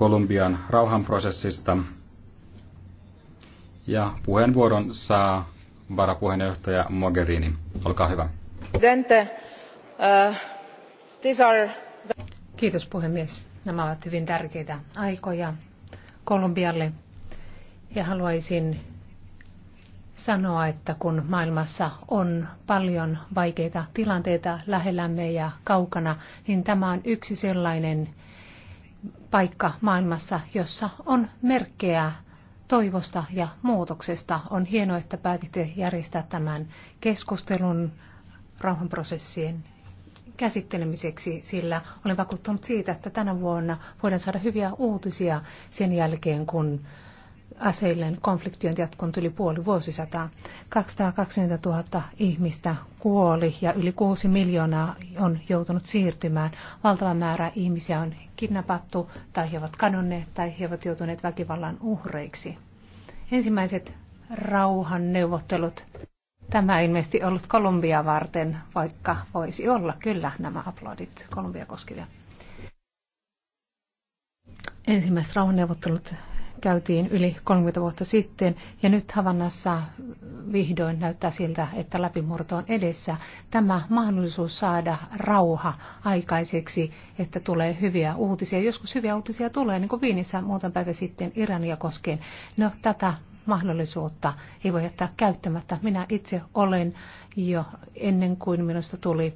Kolumbian rauhanprosessista. Ja puheenvuoron saa varapuheenjohtaja Mogherini. Olkaa hyvä. Uh, Kiitos puhemies. Nämä ovat hyvin tärkeitä aikoja Kolumbialle. Ja haluaisin sanoa, että kun maailmassa on paljon vaikeita tilanteita lähellämme ja kaukana, niin tämä on yksi sellainen paikka maailmassa, jossa on merkkejä toivosta ja muutoksesta. On hienoa, että päätitte järjestää tämän keskustelun rauhanprosessien käsittelemiseksi, sillä olen vakuuttunut siitä, että tänä vuonna voidaan saada hyviä uutisia sen jälkeen, kun aseilleen konflikti on jatkunut yli puoli vuosisataa. 220 000 ihmistä kuoli ja yli 6 miljoonaa on joutunut siirtymään. Valtava määrä ihmisiä on kidnappattu tai he ovat kadonneet tai he ovat joutuneet väkivallan uhreiksi. Ensimmäiset rauhanneuvottelut. Tämä ei ilmeisesti ollut Kolumbia varten, vaikka voisi olla kyllä nämä aplodit Kolumbia koskevia. Ensimmäiset rauhanneuvottelut käytiin yli 30 vuotta sitten ja nyt Havannassa vihdoin näyttää siltä, että läpimurto on edessä. Tämä mahdollisuus saada rauha aikaiseksi, että tulee hyviä uutisia. Joskus hyviä uutisia tulee, niin kuin Viinissä muutama päivä sitten Irania koskien. No tätä mahdollisuutta ei voi jättää käyttämättä. Minä itse olen jo ennen kuin minusta tuli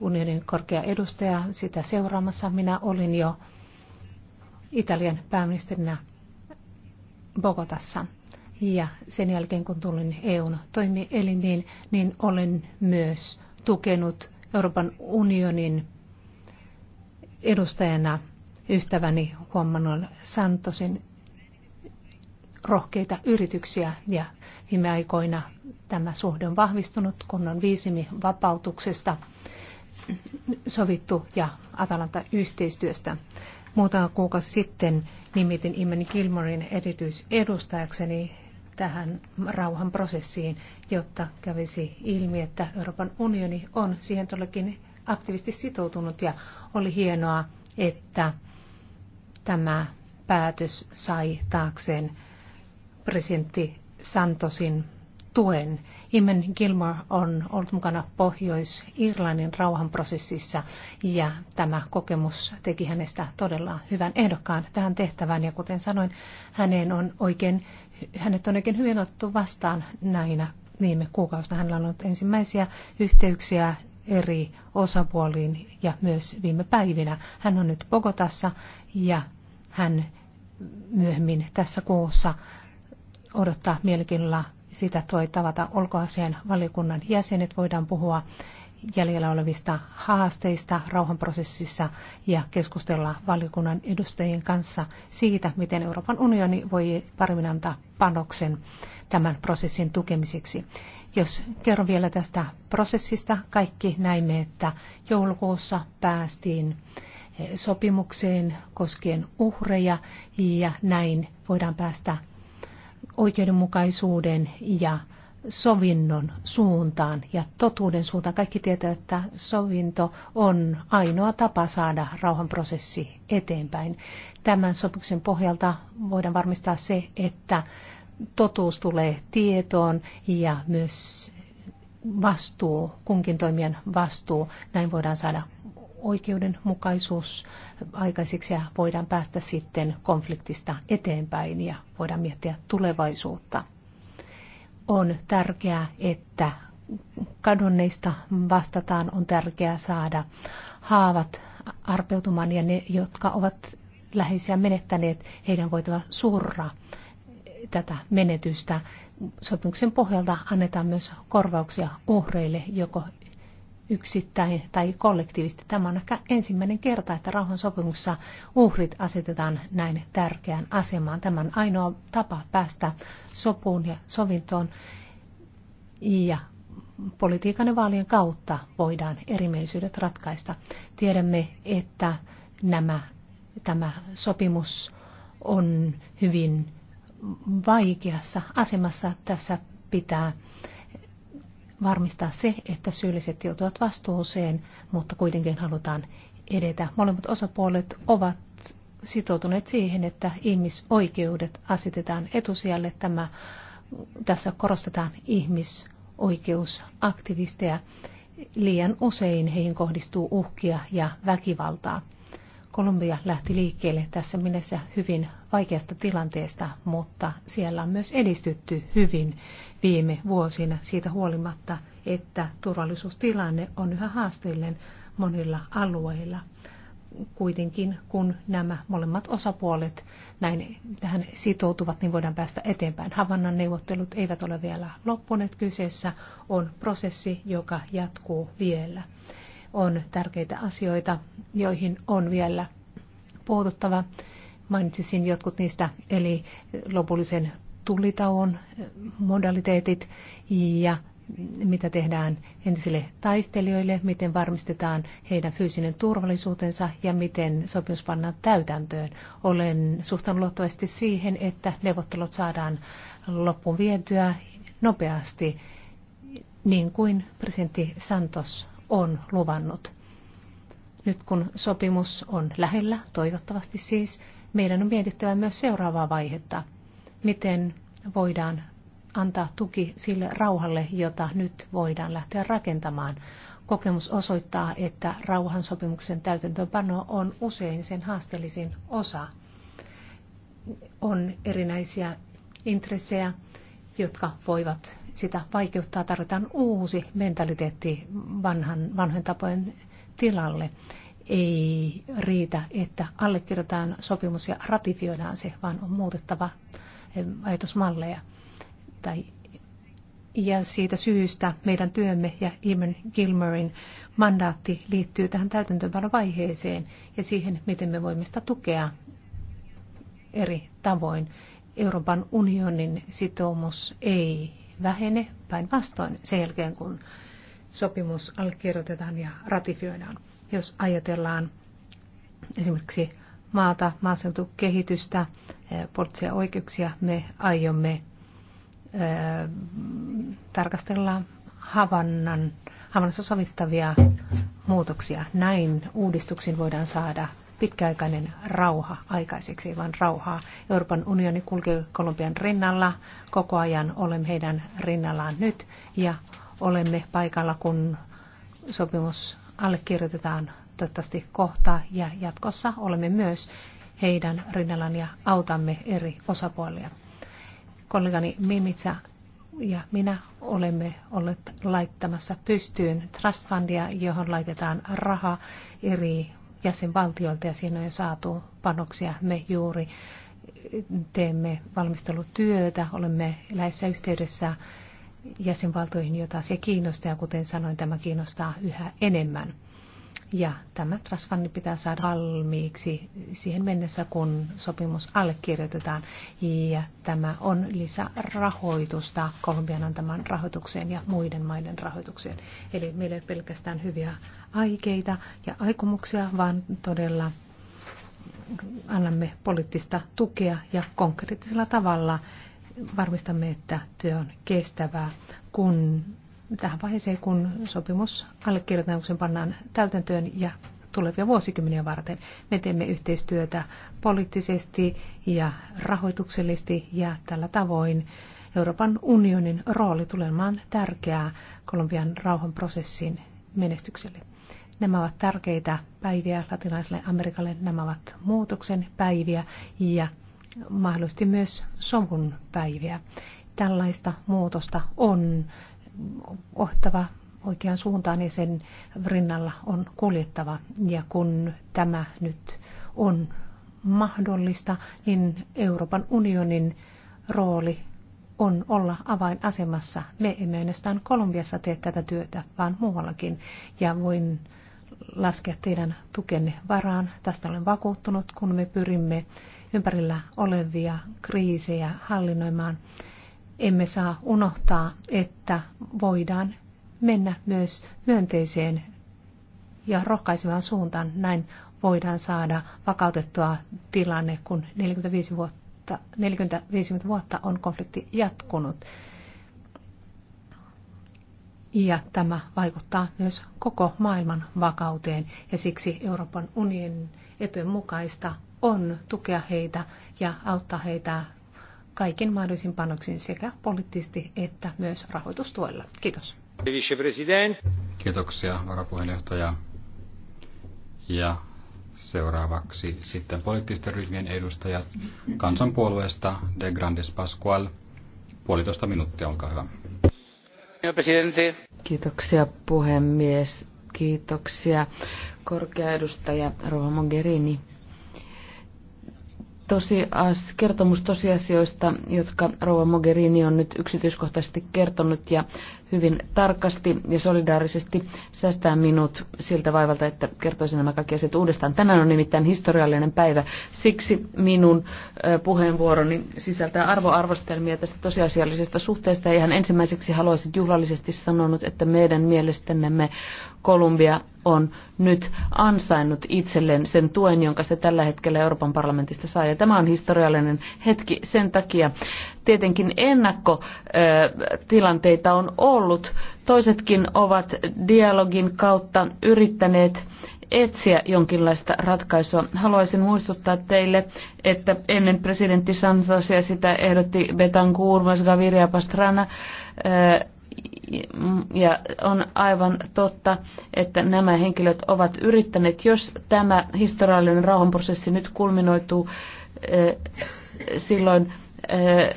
unionin korkea edustaja sitä seuraamassa. Minä olin jo Italian pääministerinä Bogotassa. Ja sen jälkeen kun tulin EUn toimielimiin, niin olen myös tukenut Euroopan unionin edustajana ystäväni Juan Manuel Santosin rohkeita yrityksiä ja viime aikoina tämä suhde on vahvistunut, kun on viisimi vapautuksesta sovittu ja Atalanta-yhteistyöstä. Muutama kuukausi sitten nimitin Imen Gilmorin erityisedustajakseni tähän rauhanprosessiin, jotta kävisi ilmi, että Euroopan unioni on siihen todellakin aktiivisesti sitoutunut ja oli hienoa, että tämä päätös sai taakseen presidentti Santosin tuen. Imen Gilmore on ollut mukana Pohjois-Irlannin rauhanprosessissa ja tämä kokemus teki hänestä todella hyvän ehdokkaan tähän tehtävään. Ja kuten sanoin, hänen on oikein, hänet on oikein hyvin otettu vastaan näinä viime kuukausina. Hänellä on ollut ensimmäisiä yhteyksiä eri osapuoliin ja myös viime päivinä. Hän on nyt Bogotassa ja hän myöhemmin tässä kuussa odottaa mielenkiinnolla sitä voi tavata ulkoasian valiokunnan jäsenet, voidaan puhua jäljellä olevista haasteista rauhanprosessissa ja keskustella valiokunnan edustajien kanssa siitä, miten Euroopan unioni voi paremmin antaa panoksen tämän prosessin tukemiseksi. Jos kerron vielä tästä prosessista, kaikki näimme, että joulukuussa päästiin sopimukseen koskien uhreja ja näin voidaan päästä oikeudenmukaisuuden ja sovinnon suuntaan ja totuuden suuntaan. Kaikki tietävät, että sovinto on ainoa tapa saada rauhanprosessi eteenpäin. Tämän sopimuksen pohjalta voidaan varmistaa se, että totuus tulee tietoon ja myös vastuu, kunkin toimijan vastuu. Näin voidaan saada oikeudenmukaisuus aikaiseksi ja voidaan päästä sitten konfliktista eteenpäin ja voidaan miettiä tulevaisuutta. On tärkeää, että kadonneista vastataan, on tärkeää saada haavat arpeutumaan ja ne, jotka ovat läheisiä menettäneet, heidän voitava surra tätä menetystä. Sopimuksen pohjalta annetaan myös korvauksia uhreille joko yksittäin tai kollektiivisesti. Tämä on ehkä ensimmäinen kerta, että sopimuksessa uhrit asetetaan näin tärkeään asemaan. Tämä on ainoa tapa päästä sopuun ja sovintoon ja politiikan ja vaalien kautta voidaan erimielisyydet ratkaista. Tiedämme, että nämä, tämä sopimus on hyvin vaikeassa asemassa. Tässä pitää varmistaa se, että syylliset joutuvat vastuuseen, mutta kuitenkin halutaan edetä. Molemmat osapuolet ovat sitoutuneet siihen, että ihmisoikeudet asetetaan etusijalle. Tämä, tässä korostetaan ihmisoikeusaktivisteja. Liian usein heihin kohdistuu uhkia ja väkivaltaa. Kolumbia lähti liikkeelle tässä mielessä hyvin vaikeasta tilanteesta, mutta siellä on myös edistytty hyvin viime vuosina siitä huolimatta, että turvallisuustilanne on yhä haasteellinen monilla alueilla. Kuitenkin kun nämä molemmat osapuolet näin tähän sitoutuvat, niin voidaan päästä eteenpäin. Havannan neuvottelut eivät ole vielä loppuneet. Kyseessä on prosessi, joka jatkuu vielä. On tärkeitä asioita, joihin on vielä puututtava mainitsisin jotkut niistä, eli lopullisen tulitauon modaliteetit ja mitä tehdään entisille taistelijoille, miten varmistetaan heidän fyysinen turvallisuutensa ja miten sopimus pannaan täytäntöön. Olen suhtanut luottavasti siihen, että neuvottelut saadaan loppuun vietyä nopeasti, niin kuin presidentti Santos on luvannut. Nyt kun sopimus on lähellä, toivottavasti siis, meidän on mietittävä myös seuraavaa vaihetta – miten voidaan antaa tuki sille rauhalle, jota nyt voidaan lähteä rakentamaan. Kokemus osoittaa, että rauhansopimuksen täytäntöönpano on usein sen haasteellisin osa. On erinäisiä intressejä, jotka voivat sitä vaikeuttaa. Tarvitaan uusi mentaliteetti vanhan, vanhojen tapojen tilalle. Ei riitä, että allekirjoitetaan sopimus ja ratifioidaan se, vaan on muutettava ajatusmalleja. Tai, ja siitä syystä meidän työmme ja Eamon Gilmerin mandaatti liittyy tähän täytäntöönpanovaiheeseen ja siihen, miten me voimme sitä tukea eri tavoin. Euroopan unionin sitoumus ei vähene, päinvastoin sen jälkeen, kun sopimus allekirjoitetaan ja ratifioidaan. Jos ajatellaan esimerkiksi maata, maaseutukehitystä, eh, poliittisia oikeuksia. Me aiomme eh, tarkastella Havannan, Havannassa sovittavia muutoksia. Näin uudistuksiin voidaan saada pitkäaikainen rauha aikaiseksi, vaan rauhaa. Euroopan unioni kulkee Kolumbian rinnalla koko ajan, olemme heidän rinnallaan nyt ja olemme paikalla, kun sopimus allekirjoitetaan toivottavasti kohta ja jatkossa olemme myös heidän rinnallaan ja autamme eri osapuolia. Kollegani Mimitsa ja minä olemme olleet laittamassa pystyyn Trust Fundia, johon laitetaan raha eri jäsenvaltioilta ja siinä on jo saatu panoksia. Me juuri teemme valmistelutyötä, olemme läheisessä yhteydessä jäsenvaltioihin, jota se kiinnostaa, ja kuten sanoin, tämä kiinnostaa yhä enemmän. Ja tämä trasfani pitää saada valmiiksi siihen mennessä, kun sopimus allekirjoitetaan. Ja tämä on lisärahoitusta Kolumbian antamaan rahoitukseen ja muiden maiden rahoitukseen. Eli meillä ei pelkästään hyviä aikeita ja aikomuksia, vaan todella annamme poliittista tukea ja konkreettisella tavalla varmistamme, että työ on kestävää, kun tähän vaiheeseen, kun sopimus allekirjoituksen pannaan täytäntöön ja tulevia vuosikymmeniä varten. Me teemme yhteistyötä poliittisesti ja rahoituksellisesti ja tällä tavoin Euroopan unionin rooli tulemaan tärkeää Kolumbian rauhanprosessin menestykselle. Nämä ovat tärkeitä päiviä latinalaiselle Amerikalle, nämä ovat muutoksen päiviä ja mahdollisesti myös sovun päiviä. Tällaista muutosta on ohtava oikeaan suuntaan ja sen rinnalla on kuljettava. Ja kun tämä nyt on mahdollista, niin Euroopan unionin rooli on olla avainasemassa. Me emme ainoastaan Kolumbiassa tee tätä työtä, vaan muuallakin. Ja voin laskea teidän tukenne varaan. Tästä olen vakuuttunut, kun me pyrimme ympärillä olevia kriisejä hallinnoimaan emme saa unohtaa, että voidaan mennä myös myönteiseen ja rohkaisevaan suuntaan. Näin voidaan saada vakautettua tilanne, kun 45 vuotta, 45 vuotta on konflikti jatkunut. Ja tämä vaikuttaa myös koko maailman vakauteen ja siksi Euroopan unionin etujen mukaista on tukea heitä ja auttaa heitä kaikin mahdollisin panoksin sekä poliittisesti että myös rahoitustuella. Kiitos. Kiitoksia varapuheenjohtaja. Ja seuraavaksi sitten poliittisten ryhmien edustajat kansanpuolueesta De Grandes Pascual. Puolitoista minuuttia, olkaa hyvä. Kiitoksia puhemies. Kiitoksia korkea edustaja Rova Mogherini tosias, kertomus tosiasioista, jotka Rouva Mogherini on nyt yksityiskohtaisesti kertonut ja hyvin tarkasti ja solidaarisesti säästää minut siltä vaivalta, että kertoisin nämä kaikki asiat uudestaan. Tänään on nimittäin historiallinen päivä, siksi minun puheenvuoroni sisältää arvoarvostelmia tästä tosiasiallisesta suhteesta. Ihan ensimmäiseksi haluaisin juhlallisesti sanonut, että meidän mielestämme Kolumbia on nyt ansainnut itselleen sen tuen, jonka se tällä hetkellä Euroopan parlamentista saa. Ja tämä on historiallinen hetki sen takia. Tietenkin ennakkotilanteita on ollut ollut. Toisetkin ovat dialogin kautta yrittäneet etsiä jonkinlaista ratkaisua. Haluaisin muistuttaa teille, että ennen presidentti Santosia sitä ehdotti Betancourt, myös Gaviria Pastrana, ja on aivan totta, että nämä henkilöt ovat yrittäneet, jos tämä historiallinen rauhanprosessi nyt kulminoituu silloin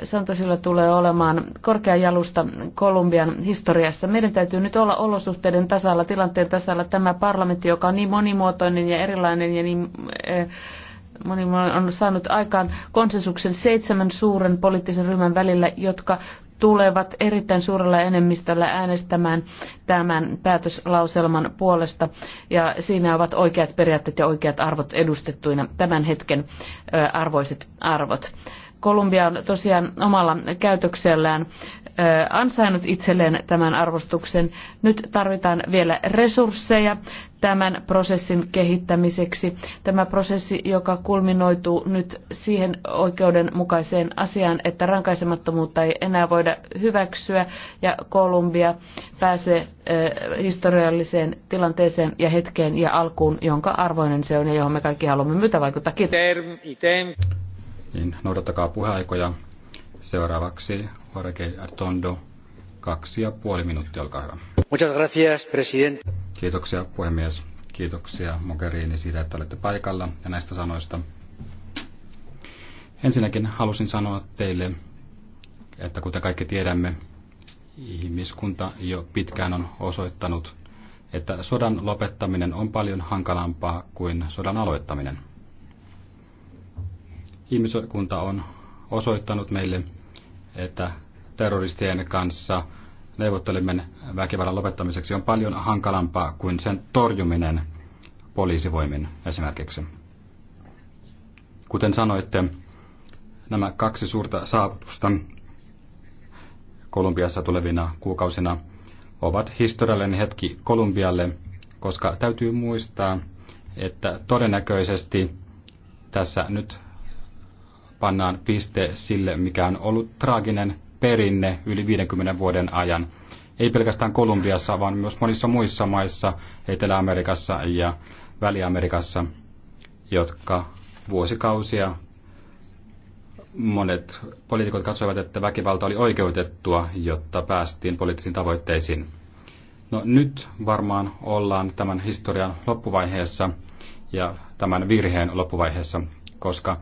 Santosilla tulee olemaan korkea jalusta Kolumbian historiassa. Meidän täytyy nyt olla olosuhteiden tasalla, tilanteen tasalla tämä parlamentti, joka on niin monimuotoinen ja erilainen ja niin moni on saanut aikaan konsensuksen seitsemän suuren poliittisen ryhmän välillä, jotka tulevat erittäin suurella enemmistöllä äänestämään tämän päätöslauselman puolesta. Ja siinä ovat oikeat periaatteet ja oikeat arvot edustettuina tämän hetken arvoiset arvot. Kolumbia on tosiaan omalla käytöksellään ansainnut itselleen tämän arvostuksen. Nyt tarvitaan vielä resursseja tämän prosessin kehittämiseksi. Tämä prosessi, joka kulminoituu nyt siihen oikeudenmukaiseen asiaan, että rankaisemattomuutta ei enää voida hyväksyä ja Kolumbia pääsee historialliseen tilanteeseen ja hetkeen ja alkuun, jonka arvoinen se on ja johon me kaikki haluamme myötä vaikuttaa. Kiitos niin noudattakaa puheaikoja. Seuraavaksi Jorge Artondo, kaksi ja puoli minuuttia, olkaa hyvä. Muchas gracias, presidente. Kiitoksia puhemies. Kiitoksia Mogherini siitä, että olette paikalla ja näistä sanoista. Ensinnäkin halusin sanoa teille, että kuten kaikki tiedämme, ihmiskunta jo pitkään on osoittanut, että sodan lopettaminen on paljon hankalampaa kuin sodan aloittaminen – Ihmiskunta on osoittanut meille, että terroristien kanssa neuvottelimen väkivallan lopettamiseksi on paljon hankalampaa kuin sen torjuminen poliisivoimin esimerkiksi. Kuten sanoitte, nämä kaksi suurta saavutusta Kolumbiassa tulevina kuukausina ovat historiallinen hetki Kolumbialle, koska täytyy muistaa, että todennäköisesti tässä nyt pannaan piste sille, mikä on ollut traaginen perinne yli 50 vuoden ajan. Ei pelkästään Kolumbiassa, vaan myös monissa muissa maissa, Etelä-Amerikassa ja Väli-Amerikassa, jotka vuosikausia monet poliitikot katsoivat, että väkivalta oli oikeutettua, jotta päästiin poliittisiin tavoitteisiin. No nyt varmaan ollaan tämän historian loppuvaiheessa ja tämän virheen loppuvaiheessa, koska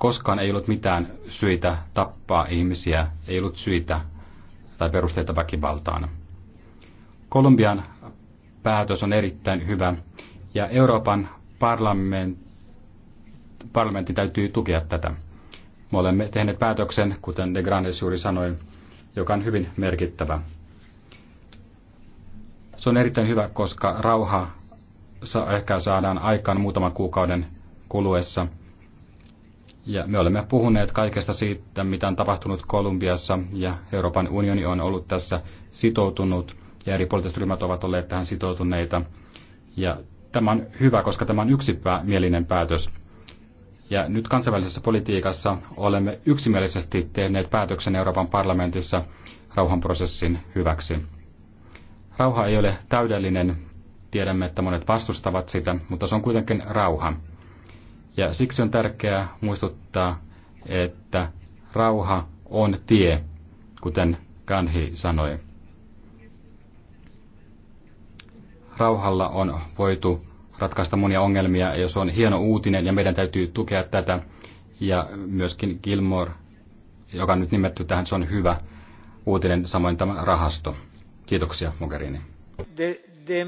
koskaan ei ollut mitään syitä tappaa ihmisiä, ei ollut syitä tai perusteita väkivaltaan. Kolumbian päätös on erittäin hyvä ja Euroopan parlament, parlamentti täytyy tukea tätä. Me olemme tehneet päätöksen, kuten De Grandes juuri sanoi, joka on hyvin merkittävä. Se on erittäin hyvä, koska rauha ehkä saadaan aikaan muutaman kuukauden kuluessa – ja me olemme puhuneet kaikesta siitä, mitä on tapahtunut Kolumbiassa, ja Euroopan unioni on ollut tässä sitoutunut, ja eri poliittiset ryhmät ovat olleet tähän sitoutuneita. Ja tämä on hyvä, koska tämä on mielinen päätös. Ja nyt kansainvälisessä politiikassa olemme yksimielisesti tehneet päätöksen Euroopan parlamentissa rauhanprosessin hyväksi. Rauha ei ole täydellinen, tiedämme, että monet vastustavat sitä, mutta se on kuitenkin rauha. Ja siksi on tärkeää muistuttaa, että rauha on tie, kuten Kanhi sanoi. Rauhalla on voitu ratkaista monia ongelmia, ja se on hieno uutinen, ja meidän täytyy tukea tätä. Ja myöskin Gilmore, joka on nyt nimetty tähän, se on hyvä uutinen, samoin tämä rahasto. Kiitoksia, Mogherini. De, de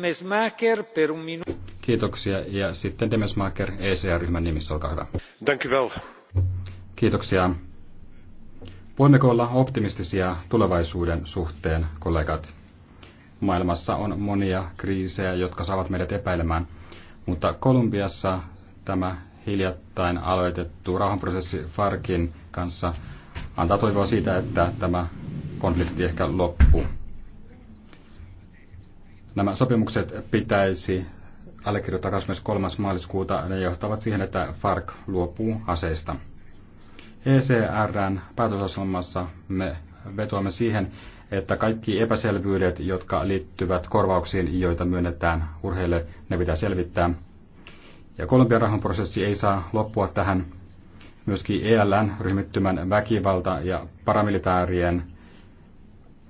per un minu- Kiitoksia. Ja sitten Demesmaker ECR-ryhmän nimissä, olkaa hyvä. Thank you well. Kiitoksia. Voimmeko olla optimistisia tulevaisuuden suhteen, kollegat? Maailmassa on monia kriisejä, jotka saavat meidät epäilemään, mutta Kolumbiassa tämä hiljattain aloitettu rauhanprosessi Farkin kanssa antaa toivoa siitä, että tämä konflikti ehkä loppuu. Nämä sopimukset pitäisi allekirjoittaa 23. maaliskuuta, ne johtavat siihen, että FARC luopuu aseista. ECRn päätösasemassa me vetoamme siihen, että kaikki epäselvyydet, jotka liittyvät korvauksiin, joita myönnetään urheille, ne pitää selvittää. Ja Kolumbian rahanprosessi ei saa loppua tähän. Myöskin ELN-ryhmittymän väkivalta ja paramilitaarien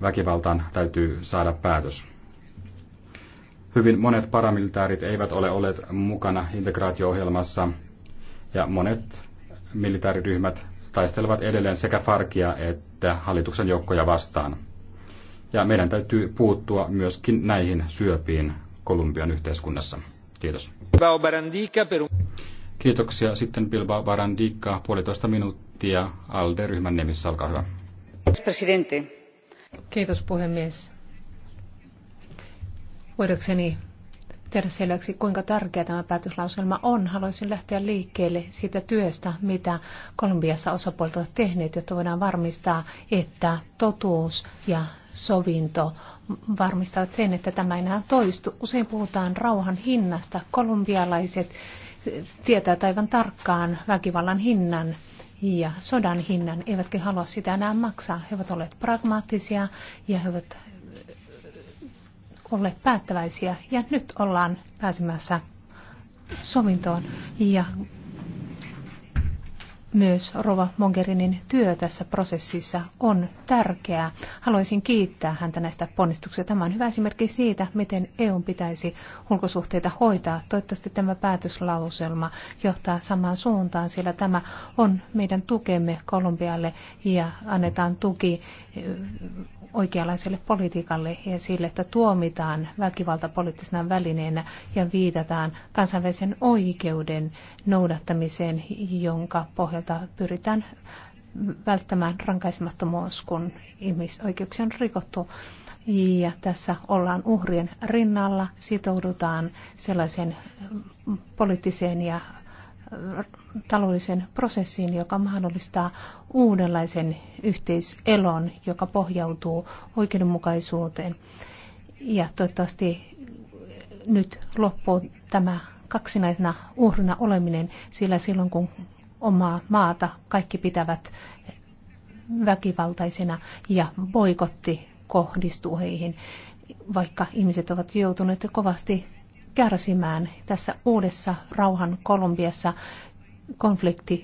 väkivaltaan täytyy saada päätös. Hyvin monet paramilitaarit eivät ole olleet mukana integraatio-ohjelmassa ja monet militaariryhmät taistelevat edelleen sekä Farkia että hallituksen joukkoja vastaan. Ja meidän täytyy puuttua myöskin näihin syöpiin Kolumbian yhteiskunnassa. Kiitos. Kiitoksia. Sitten Bilbao Barandika, puolitoista minuuttia. ALDE-ryhmän nimissä, olkaa hyvä. Kiitos puhemies. Voidakseni tehdä selväksi, kuinka tärkeä tämä päätöslauselma on, haluaisin lähteä liikkeelle siitä työstä, mitä Kolumbiassa osapuolet ovat tehneet, jotta voidaan varmistaa, että totuus ja sovinto varmistavat sen, että tämä ei enää toistu. Usein puhutaan rauhan hinnasta. Kolumbialaiset tietää aivan tarkkaan väkivallan hinnan ja sodan hinnan, eivätkä halua sitä enää maksaa. He ovat olleet pragmaattisia ja he ovat olleet päättäväisiä ja nyt ollaan pääsemässä sovintoon. Ja myös Rova Mongerinin työ tässä prosessissa on tärkeää. Haluaisin kiittää häntä näistä ponnistuksista. Tämä on hyvä esimerkki siitä, miten EU pitäisi ulkosuhteita hoitaa. Toivottavasti tämä päätöslauselma johtaa samaan suuntaan, sillä tämä on meidän tukemme Kolumbialle ja annetaan tuki eh, oikeanlaiselle politiikalle ja sille, että tuomitaan väkivalta poliittisena välineenä ja viitataan kansainvälisen oikeuden noudattamiseen, jonka pohjalta joita pyritään välttämään rankaisemattomuus, kun ihmisoikeuksia on rikottu. Ja tässä ollaan uhrien rinnalla, sitoudutaan sellaiseen poliittiseen ja taloudellisen prosessiin, joka mahdollistaa uudenlaisen yhteiselon, joka pohjautuu oikeudenmukaisuuteen. Ja toivottavasti nyt loppuu tämä kaksinaisena uhrina oleminen, sillä silloin kun omaa maata. Kaikki pitävät väkivaltaisena ja boikotti kohdistuu heihin, vaikka ihmiset ovat joutuneet kovasti kärsimään tässä uudessa rauhan Kolumbiassa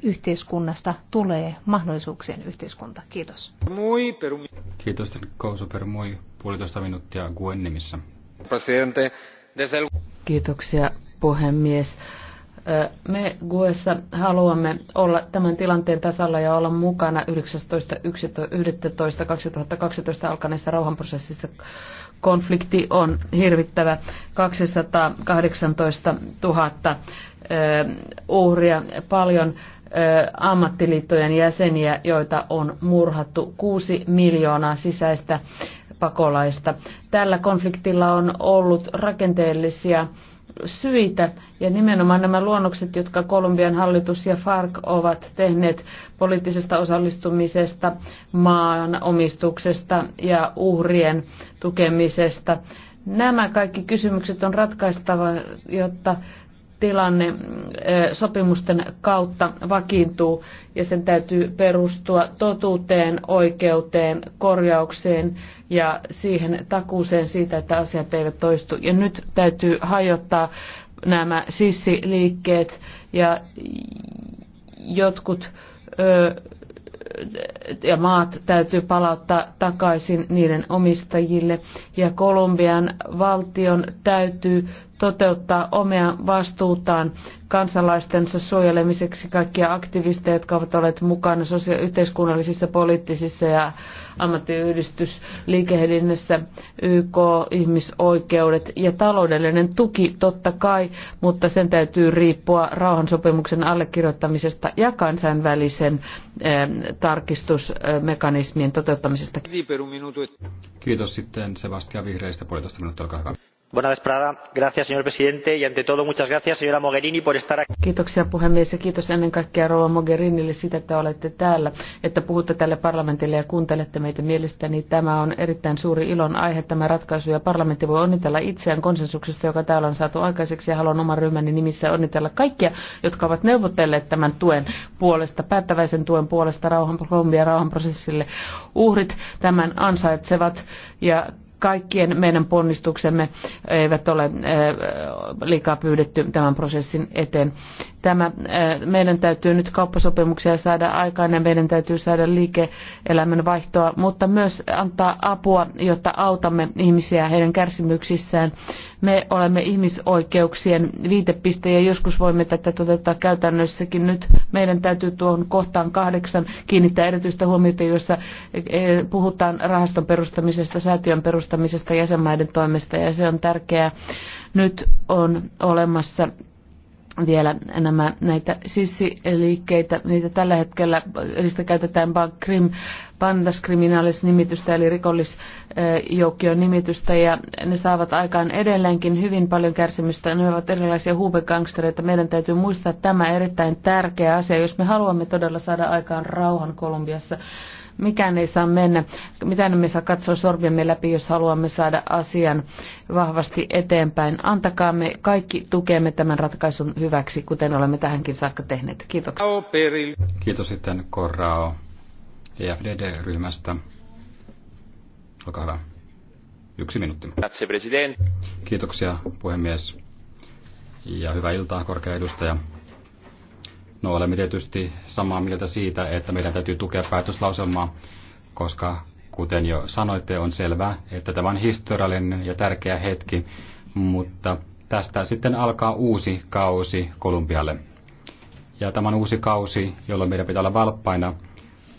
yhteiskunnasta tulee mahdollisuuksien yhteiskunta. Kiitos. Moi, peru... Kiitos, Kousu Permui. Puolitoista minuuttia Guen nimissä. Kiitoksia, puhemies. Me Guessa haluamme olla tämän tilanteen tasalla ja olla mukana 19.11.2012 alkaneessa rauhanprosessissa. Konflikti on hirvittävä. 218 000 uhria, paljon ammattiliittojen jäseniä, joita on murhattu, 6 miljoonaa sisäistä pakolaista. Tällä konfliktilla on ollut rakenteellisia syitä ja nimenomaan nämä luonnokset, jotka Kolumbian hallitus ja FARC ovat tehneet poliittisesta osallistumisesta, maan omistuksesta ja uhrien tukemisesta. Nämä kaikki kysymykset on ratkaistava, jotta tilanne sopimusten kautta vakiintuu ja sen täytyy perustua totuuteen, oikeuteen, korjaukseen ja siihen takuuseen siitä, että asiat eivät toistu. Ja nyt täytyy hajottaa nämä sissiliikkeet ja jotkut ö, ja maat täytyy palauttaa takaisin niiden omistajille. Ja Kolumbian valtion täytyy toteuttaa omia vastuutaan kansalaistensa suojelemiseksi kaikkia aktivisteja, jotka ovat olleet mukana sosia- yhteiskunnallisissa, poliittisissa ja ammattiyhdistysliikehdinnässä, YK, ihmisoikeudet ja taloudellinen tuki totta kai, mutta sen täytyy riippua rauhansopimuksen allekirjoittamisesta ja kansainvälisen eh, tarkistusmekanismien toteuttamisesta. Kiitos sitten Sebastian Vihreistä, puolitoista minuuttia, olkaa hyvä señor presidente y ante todo muchas gracias señora mogherini por estar aquí. Kiitoksia puhemies ja kiitos ennen kaikkea rouva Mogherinille siitä, että olette täällä, että puhutte tälle parlamentille ja kuuntelette meitä mielestäni. Tämä on erittäin suuri ilon aihe tämä ratkaisu ja parlamentti voi onnitella itseään konsensuksesta, joka täällä on saatu aikaiseksi ja haluan oman ryhmäni nimissä onnitella kaikkia, jotka ovat neuvotelleet tämän tuen puolesta, päättäväisen tuen puolesta rauhan Kolumbian rauhanprosessille. Uhrit tämän ansaitsevat ja kaikkien meidän ponnistuksemme eivät ole eh, liikaa pyydetty tämän prosessin eteen. Tämä, äh, meidän täytyy nyt kauppasopimuksia saada aikaan ja meidän täytyy saada liike-elämän vaihtoa, mutta myös antaa apua, jotta autamme ihmisiä heidän kärsimyksissään. Me olemme ihmisoikeuksien viitepiste ja joskus voimme tätä toteuttaa käytännössäkin. Nyt meidän täytyy tuohon kohtaan kahdeksan kiinnittää erityistä huomiota, jossa äh, puhutaan rahaston perustamisesta, säätiön perustamisesta jäsenmaiden toimesta ja se on tärkeää. Nyt on olemassa vielä nämä, näitä sissiliikkeitä. Niitä tällä hetkellä, niistä käytetään Krim, pandaskriminaalis nimitystä, eli rikollisjoukkion nimitystä, ja ne saavat aikaan edelleenkin hyvin paljon kärsimystä. Ne ovat erilaisia huubegangstereita. Meidän täytyy muistaa tämä erittäin tärkeä asia, jos me haluamme todella saada aikaan rauhan Kolumbiassa. Mikään ei saa mennä. Mitä me saa katsoa sormiamme läpi, jos haluamme saada asian vahvasti eteenpäin. Antakaa me kaikki tukemme tämän ratkaisun hyväksi, kuten olemme tähänkin saakka tehneet. Kiitoksia. Kiitos sitten Korrao EFDD-ryhmästä. Olkaa hyvä. Yksi minuutti. Kiitoksia puhemies ja hyvää iltaa korkea edustaja. No olemme tietysti samaa mieltä siitä, että meidän täytyy tukea päätöslauselmaa, koska kuten jo sanoitte, on selvää, että tämä on historiallinen ja tärkeä hetki, mutta tästä sitten alkaa uusi kausi Kolumbialle. Ja tämä on uusi kausi, jolloin meidän pitää olla valppaina,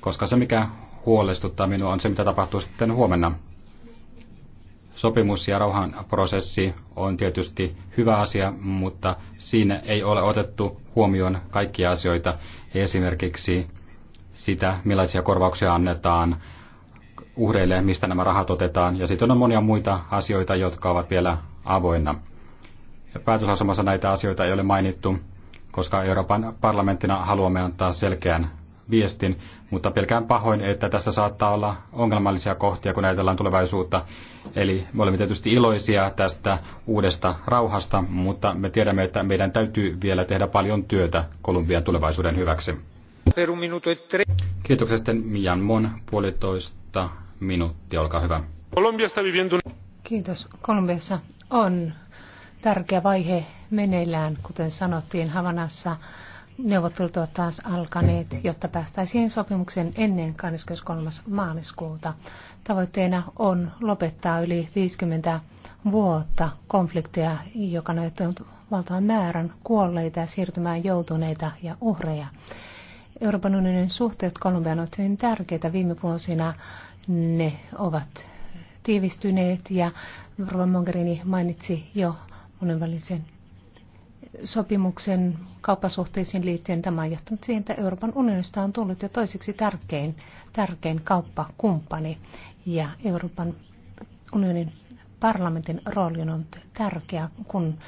koska se mikä huolestuttaa minua on se, mitä tapahtuu sitten huomenna. Sopimus ja rauhanprosessi on tietysti hyvä asia, mutta siinä ei ole otettu huomioon kaikkia asioita, esimerkiksi sitä, millaisia korvauksia annetaan uhreille, mistä nämä rahat otetaan, ja sitten on monia muita asioita, jotka ovat vielä avoinna. Päätösasemassa näitä asioita ei ole mainittu, koska Euroopan parlamenttina haluamme antaa selkeän viestin, mutta pelkään pahoin, että tässä saattaa olla ongelmallisia kohtia, kun ajatellaan tulevaisuutta. Eli me olemme tietysti iloisia tästä uudesta rauhasta, mutta me tiedämme, että meidän täytyy vielä tehdä paljon työtä Kolumbian tulevaisuuden hyväksi. E Kiitoksia sitten Mian Mon, puolitoista minuuttia, olkaa hyvä. Kiitos. Kolumbiassa on tärkeä vaihe meneillään, kuten sanottiin Havanassa neuvottelut ovat taas alkaneet, jotta päästäisiin sopimukseen ennen 23. maaliskuuta. Tavoitteena on lopettaa yli 50 vuotta konflikteja, joka näyttää valtavan määrän kuolleita ja siirtymään joutuneita ja uhreja. Euroopan unionin suhteet Kolumbiaan ovat hyvin tärkeitä. Viime vuosina ne ovat tiivistyneet ja Rovan Mongerini mainitsi jo monenvälisen sopimuksen kauppasuhteisiin liittyen tämä on johtanut siihen, että Euroopan unionista on tullut jo toiseksi tärkein, tärkein kauppakumppani. Ja Euroopan unionin parlamentin rooli on ollut tärkeä, kun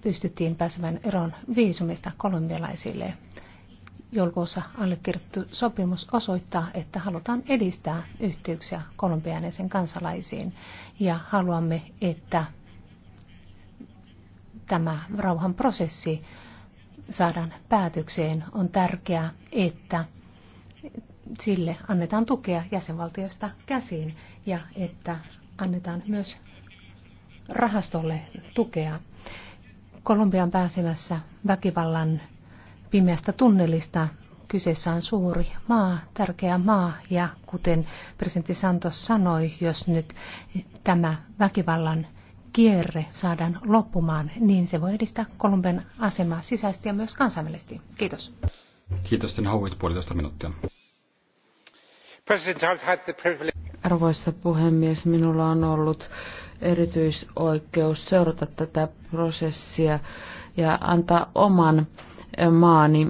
pystyttiin pääsemään eroon viisumista kolumbialaisille. Joulukuussa allekirjoittu sopimus osoittaa, että halutaan edistää yhteyksiä kolumbianeisen kansalaisiin ja haluamme, että tämä rauhanprosessi saadaan päätökseen, on tärkeää, että sille annetaan tukea jäsenvaltioista käsiin ja että annetaan myös rahastolle tukea. Kolumbian pääsemässä väkivallan pimeästä tunnelista kyseessä on suuri maa, tärkeä maa ja kuten presidentti Santos sanoi, jos nyt tämä väkivallan kierre saadaan loppumaan, niin se voi edistää Kolumbian asemaa sisäisesti ja myös kansainvälisesti. Kiitos. Kiitos, sen hauvit puolitoista minuuttia. Arvoisa puhemies, minulla on ollut erityisoikeus seurata tätä prosessia ja antaa oman eh, maani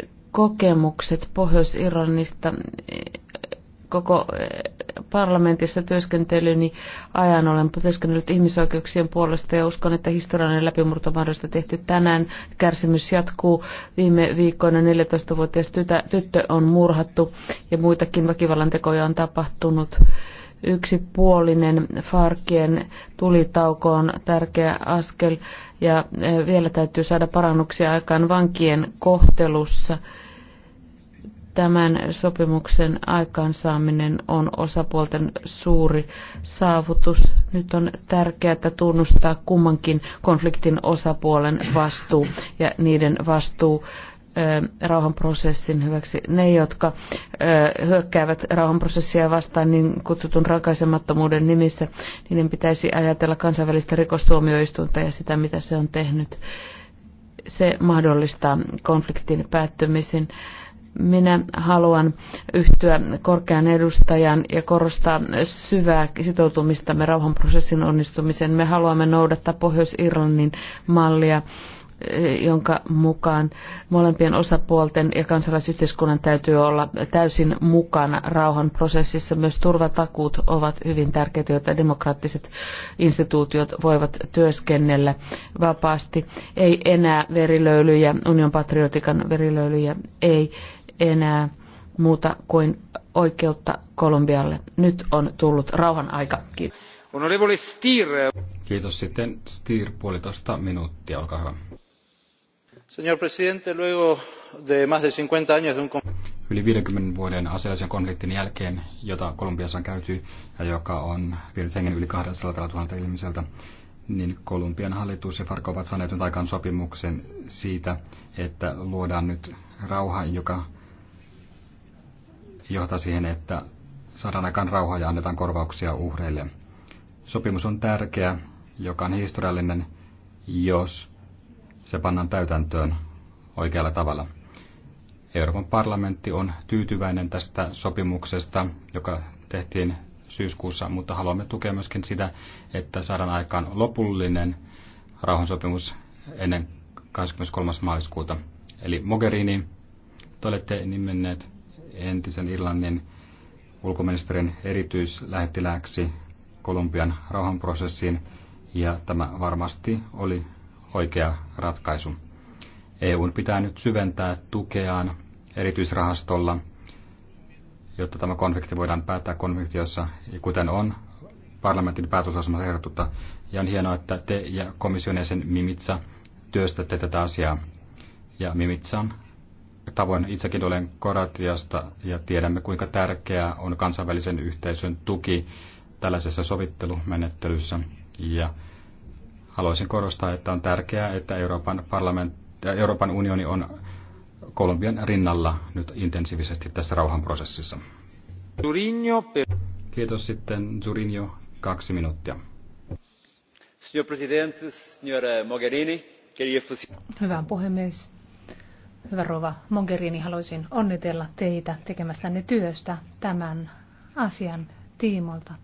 eh, kokemukset Pohjois-Irlannista eh, koko parlamentissa työskentelyni ajan olen työskennellyt ihmisoikeuksien puolesta ja uskon, että historiallinen läpimurto mahdollista tehty tänään. Kärsimys jatkuu. Viime viikkoina 14-vuotias tyttö on murhattu ja muitakin väkivallan tekoja on tapahtunut yksipuolinen Farkien tulitauko on tärkeä askel ja eh, vielä täytyy saada parannuksia aikaan vankien kohtelussa. Tämän sopimuksen aikaansaaminen on osapuolten suuri saavutus. Nyt on tärkeää tunnustaa kummankin konfliktin osapuolen vastuu ja niiden vastuu rauhanprosessin hyväksi. Ne, jotka hyökkäävät rauhanprosessia vastaan niin kutsutun rakaisemattomuuden nimissä, niiden pitäisi ajatella kansainvälistä rikostuomioistuinta ja sitä, mitä se on tehnyt. Se mahdollistaa konfliktin päättymisen. Minä haluan yhtyä korkean edustajan ja korostaa syvää sitoutumistamme rauhanprosessin onnistumiseen. Me haluamme noudattaa Pohjois-Irlannin mallia eh, jonka mukaan molempien osapuolten ja kansalaisyhteiskunnan täytyy olla täysin mukana rauhanprosessissa. Myös turvatakuut ovat hyvin tärkeitä, jotta demokraattiset instituutiot voivat työskennellä vapaasti. Ei enää verilöylyjä, union patriotikan verilöylyjä, ei enää muuta kuin oikeutta Kolumbialle. Nyt on tullut rauhan aika. Kiitos. Kiitos sitten Stier puolitoista minuuttia, olkaa hyvä. Señor presidente, luego de más de 50 años de un Yli 50 vuoden aseellisen konfliktin jälkeen, jota Kolumbiassa on käyty ja joka on vienyt hengen yli 200 000 ihmiseltä, niin Kolumbian hallitus ja Farko ovat saaneet nyt aikaan sopimuksen siitä, että luodaan nyt rauha, joka johtaa siihen, että saadaan aikaan rauhaa ja annetaan korvauksia uhreille. Sopimus on tärkeä, joka on historiallinen, jos se pannaan täytäntöön oikealla tavalla. Euroopan parlamentti on tyytyväinen tästä sopimuksesta, joka tehtiin syyskuussa, mutta haluamme tukea myöskin sitä, että saadaan aikaan lopullinen rauhansopimus ennen 23. maaliskuuta. Eli Mogherini, te olette nimenneet entisen Irlannin ulkoministerin erityislähettilääksi Kolumbian rauhanprosessiin ja tämä varmasti oli oikea ratkaisu. EUn pitää nyt syventää tukeaan erityisrahastolla, jotta tämä konflikti voidaan päättää konfliktiossa, kuten on parlamentin päätösasemassa ehdotusta. Ja on hienoa, että te ja komission jäsen Mimitsa työstätte tätä asiaa. Ja Mimitsa on tavoin itsekin olen Koratiasta ja tiedämme, kuinka tärkeää on kansainvälisen yhteisön tuki tällaisessa sovittelumenettelyssä. Ja haluaisin korostaa, että on tärkeää, että Euroopan, parlament, Euroopan unioni on Kolumbian rinnalla nyt intensiivisesti tässä rauhanprosessissa. Kiitos sitten Zurinho, kaksi minuuttia. Signor Presidente, signora Mogherini, Hyvä puhemies, Hyvä Rova Mogherini, haluaisin onnitella teitä tekemästänne työstä tämän asian tiimolta.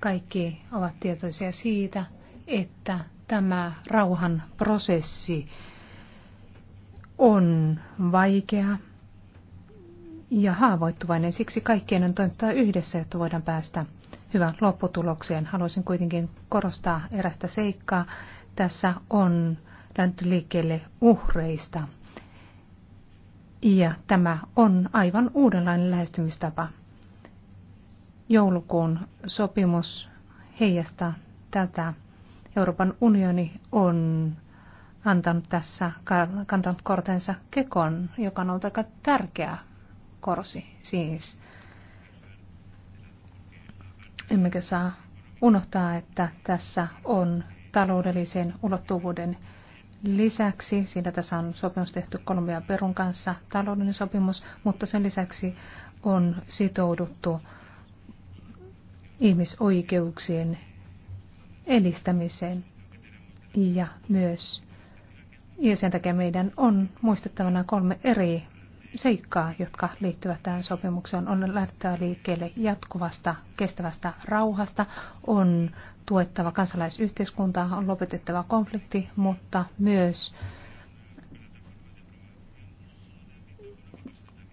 Kaikki ovat tietoisia siitä, että tämä rauhan prosessi on vaikea ja haavoittuvainen. Siksi kaikkien on toimittava yhdessä, että voidaan päästä hyvän lopputulokseen. Haluaisin kuitenkin korostaa erästä seikkaa. Tässä on lähtöliikkeelle uhreista – ja tämä on aivan uudenlainen lähestymistapa. Joulukuun sopimus heijasta tätä. Euroopan unioni on antanut tässä, kantanut kortensa kekon, joka on ollut aika tärkeä korsi siis. Emmekä saa unohtaa, että tässä on taloudellisen ulottuvuuden Lisäksi siinä tässä on sopimus tehty Kolumbian Perun kanssa, taloudellinen sopimus, mutta sen lisäksi on sitouduttu ihmisoikeuksien edistämiseen ja myös ja sen takia meidän on muistettavana kolme eri seikkaa, jotka liittyvät tähän sopimukseen. On lähdettävä liikkeelle jatkuvasta kestävästä rauhasta, on tuettava kansalaisyhteiskuntaa, on lopetettava konflikti, mutta myös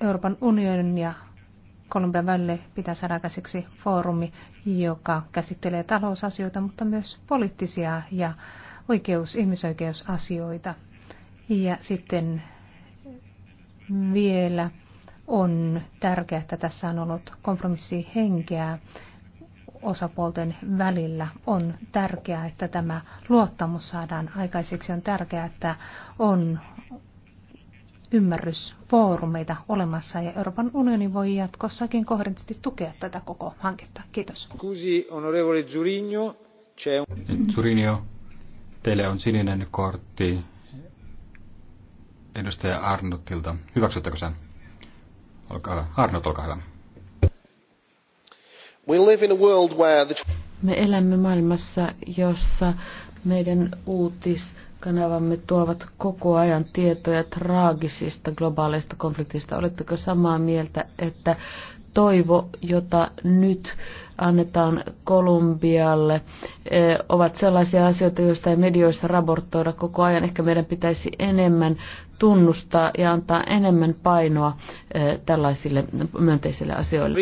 Euroopan unionin ja Kolumbian välille pitää saada käsiksi foorumi, joka käsittelee talousasioita, mutta myös poliittisia ja oikeus- ihmisoikeusasioita. Ja sitten vielä on tärkeää, että tässä on ollut kompromissihenkeä osapuolten välillä. On tärkeää, että tämä luottamus saadaan aikaiseksi. On tärkeää, että on ymmärrysfoorumeita olemassa ja Euroopan unioni voi jatkossakin kohdentisesti tukea tätä koko hanketta. Kiitos. Kusi, onorevole Zurinio. Zurinio, teille on sininen kortti edustaja Arnottilta. Hyväksyttekö sen? Olkaa hyvä. Arnott, olkaa hyvä. We live in a world where the... Me elämme maailmassa, jossa meidän uutiskanavamme tuovat koko ajan tietoja traagisista globaaleista konflikteista. Oletteko samaa mieltä, että toivo, jota nyt annetaan Kolumbialle, e, ovat sellaisia asioita, joista ei medioissa raportoida koko ajan. Ehkä meidän pitäisi enemmän tunnustaa ja antaa enemmän painoa tällaisille myönteisille asioille.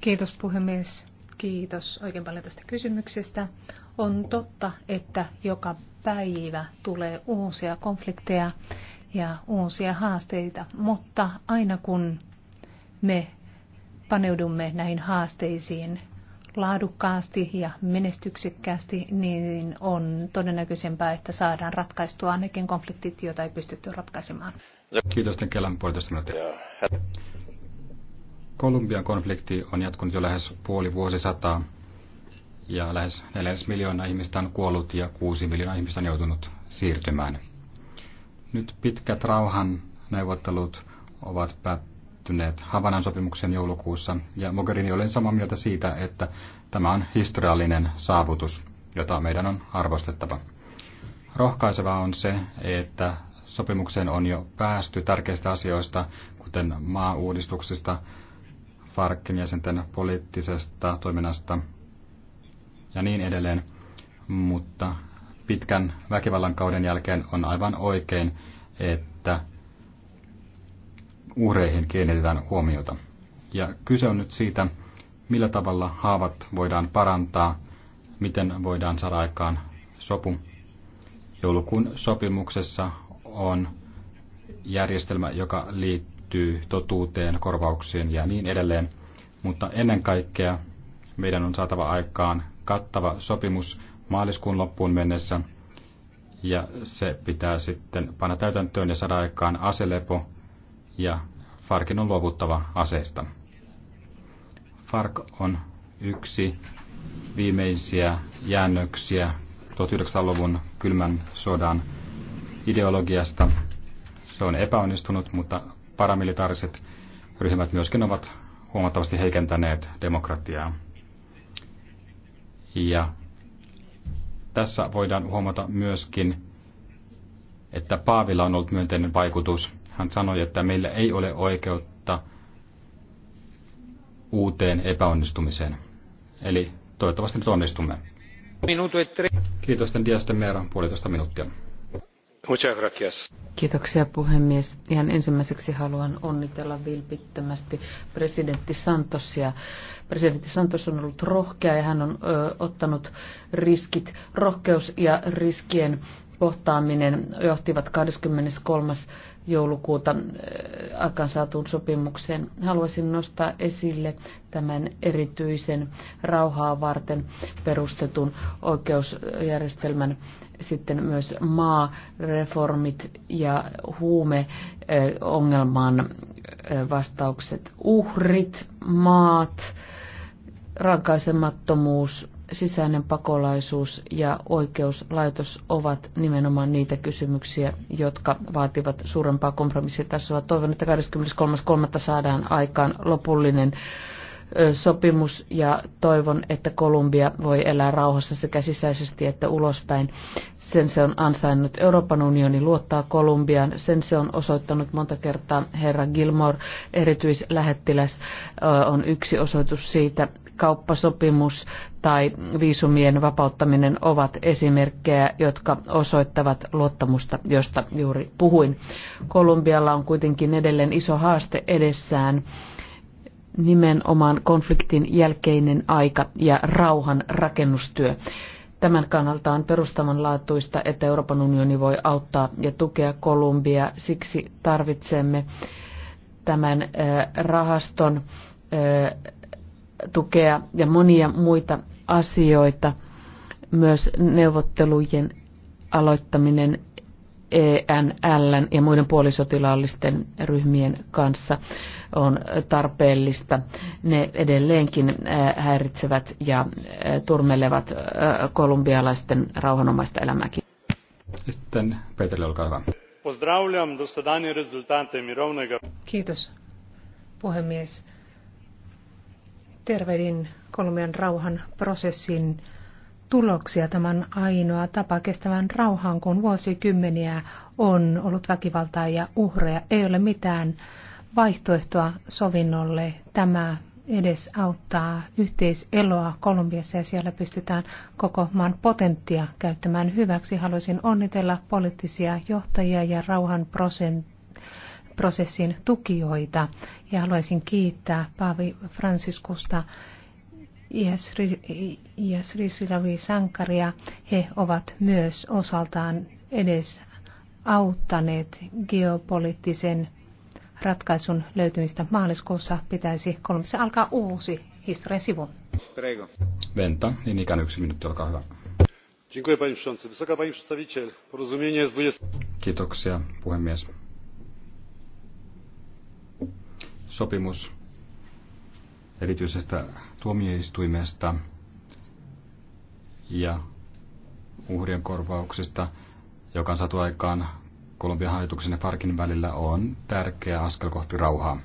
Kiitos puhemies. Kiitos oikein paljon tästä kysymyksestä. On totta, että joka päivä tulee uusia konflikteja ja uusia haasteita, mutta aina kun me paneudumme näihin haasteisiin, laadukkaasti ja menestyksekkäästi, niin on todennäköisempää, että saadaan ratkaistua ainakin konfliktit, joita ei pystytty ratkaisemaan. Kiitos tämän Kelan puolitoista minuuttia. Kolumbian konflikti on jatkunut jo lähes puoli vuosisataa ja lähes 4 miljoonaa ihmistä on kuollut ja 6 miljoonaa ihmistä on joutunut siirtymään. Nyt pitkät rauhan neuvottelut ovat päättyneet liittyneet Havanan sopimuksen joulukuussa, ja Mogherini olen samaa mieltä siitä, että tämä on historiallinen saavutus, jota meidän on arvostettava. Rohkaisevaa on se, että sopimukseen on jo päästy tärkeistä asioista, kuten maauudistuksista, Farkin jäsenten poliittisesta toiminnasta ja niin edelleen, mutta pitkän väkivallan kauden jälkeen on aivan oikein, että uhreihin kiinnitetään huomiota. Ja kyse on nyt siitä, millä tavalla haavat voidaan parantaa, miten voidaan saada aikaan sopu. Joulukuun sopimuksessa on järjestelmä, joka liittyy totuuteen, korvauksiin ja niin edelleen. Mutta ennen kaikkea meidän on saatava aikaan kattava sopimus maaliskuun loppuun mennessä, ja se pitää sitten panna täytäntöön ja saada aikaan aselepo ja Farkin on luovuttava aseesta. Fark on yksi viimeisiä jäännöksiä 1900-luvun kylmän sodan ideologiasta. Se on epäonnistunut, mutta paramilitaariset ryhmät myöskin ovat huomattavasti heikentäneet demokratiaa. Ja tässä voidaan huomata myöskin, että Paavilla on ollut myönteinen vaikutus hän sanoi, että meillä ei ole oikeutta uuteen epäonnistumiseen. Eli toivottavasti nyt onnistumme. Kiitos Diasten Meera, puolitoista minuuttia. Kiitoksia puhemies. Ihan ensimmäiseksi haluan onnitella vilpittömästi presidentti Santosia. Presidentti Santos on ollut rohkea ja hän on ö, ottanut riskit, rohkeus ja riskien kohtaaminen johtivat 23. joulukuuta äh, saatuun sopimukseen. Haluaisin nostaa esille tämän erityisen rauhaa varten perustetun oikeusjärjestelmän sitten myös maareformit ja huumeongelmaan äh, äh, vastaukset. Uhrit, maat, rankaisemattomuus, sisäinen pakolaisuus ja oikeuslaitos ovat nimenomaan niitä kysymyksiä, jotka vaativat suurempaa kompromissitasoa. Toivon, että 23.3. saadaan aikaan lopullinen sopimus ja toivon, että Kolumbia voi elää rauhassa sekä sisäisesti että ulospäin. Sen se on ansainnut. Euroopan unioni luottaa Kolumbian. Sen se on osoittanut monta kertaa. Herra Gilmore, erityislähettiläs, on yksi osoitus siitä. Kauppasopimus tai viisumien vapauttaminen ovat esimerkkejä, jotka osoittavat luottamusta, josta juuri puhuin. Kolumbialla on kuitenkin edelleen iso haaste edessään nimenomaan konfliktin jälkeinen aika ja rauhan rakennustyö. Tämän kannalta on perustavanlaatuista, että Euroopan unioni voi auttaa ja tukea Kolumbia. Siksi tarvitsemme tämän äh, rahaston äh, tukea ja monia muita asioita. Myös neuvottelujen aloittaminen ENL ja muiden puolisotilaallisten ryhmien kanssa on tarpeellista. Ne edelleenkin äh, häiritsevät ja äh, turmelevat äh, kolumbialaisten rauhanomaista elämääkin. Sitten Peterille, olkaa hyvä. Pozdravljam mirovnega. Kiitos, puhemies. Tervehdin Kolumbian rauhan prosessin tuloksia. Tämän ainoa tapa kestävän rauhaan, kun vuosikymmeniä on ollut väkivaltaa ja uhreja. Ei ole mitään vaihtoehtoa sovinnolle. Tämä edes auttaa yhteiseloa Kolumbiassa ja siellä pystytään koko maan potenttia käyttämään hyväksi. Haluaisin onnitella poliittisia johtajia ja rauhan prosessin tukijoita ja haluaisin kiittää Paavi Franciskusta IS Risilavi Sankaria. He ovat myös osaltaan edes auttaneet geopoliittisen ratkaisun löytymistä maaliskuussa pitäisi kolmessa alkaa uusi historian sivu. Prego. Venta, niin ikään yksi minuutti, olkaa hyvä. Kiitoksia, puhemies. Sopimus erityisestä tuomioistuimesta ja uhrien korvauksista, joka on saatu aikaan Kolumbian hallituksen ja Farkin välillä, on tärkeä askel kohti rauhaa.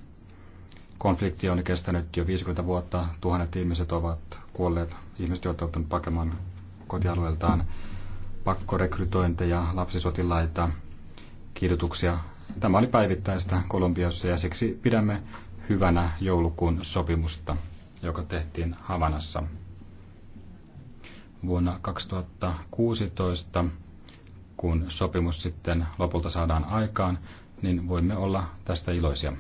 Konflikti on kestänyt jo 50 vuotta. Tuhannet ihmiset ovat kuolleet. Ihmiset joutuvat pakemaan kotialueeltaan pakkorekrytointeja, lapsisotilaita, kidutuksia. Tämä oli päivittäistä Kolumbiassa ja siksi pidämme hyvänä joulukuun sopimusta joka tehtiin Havanassa. Vuonna 2016, kun sopimus sitten lopulta saadaan aikaan, niin voimme olla tästä iloisia.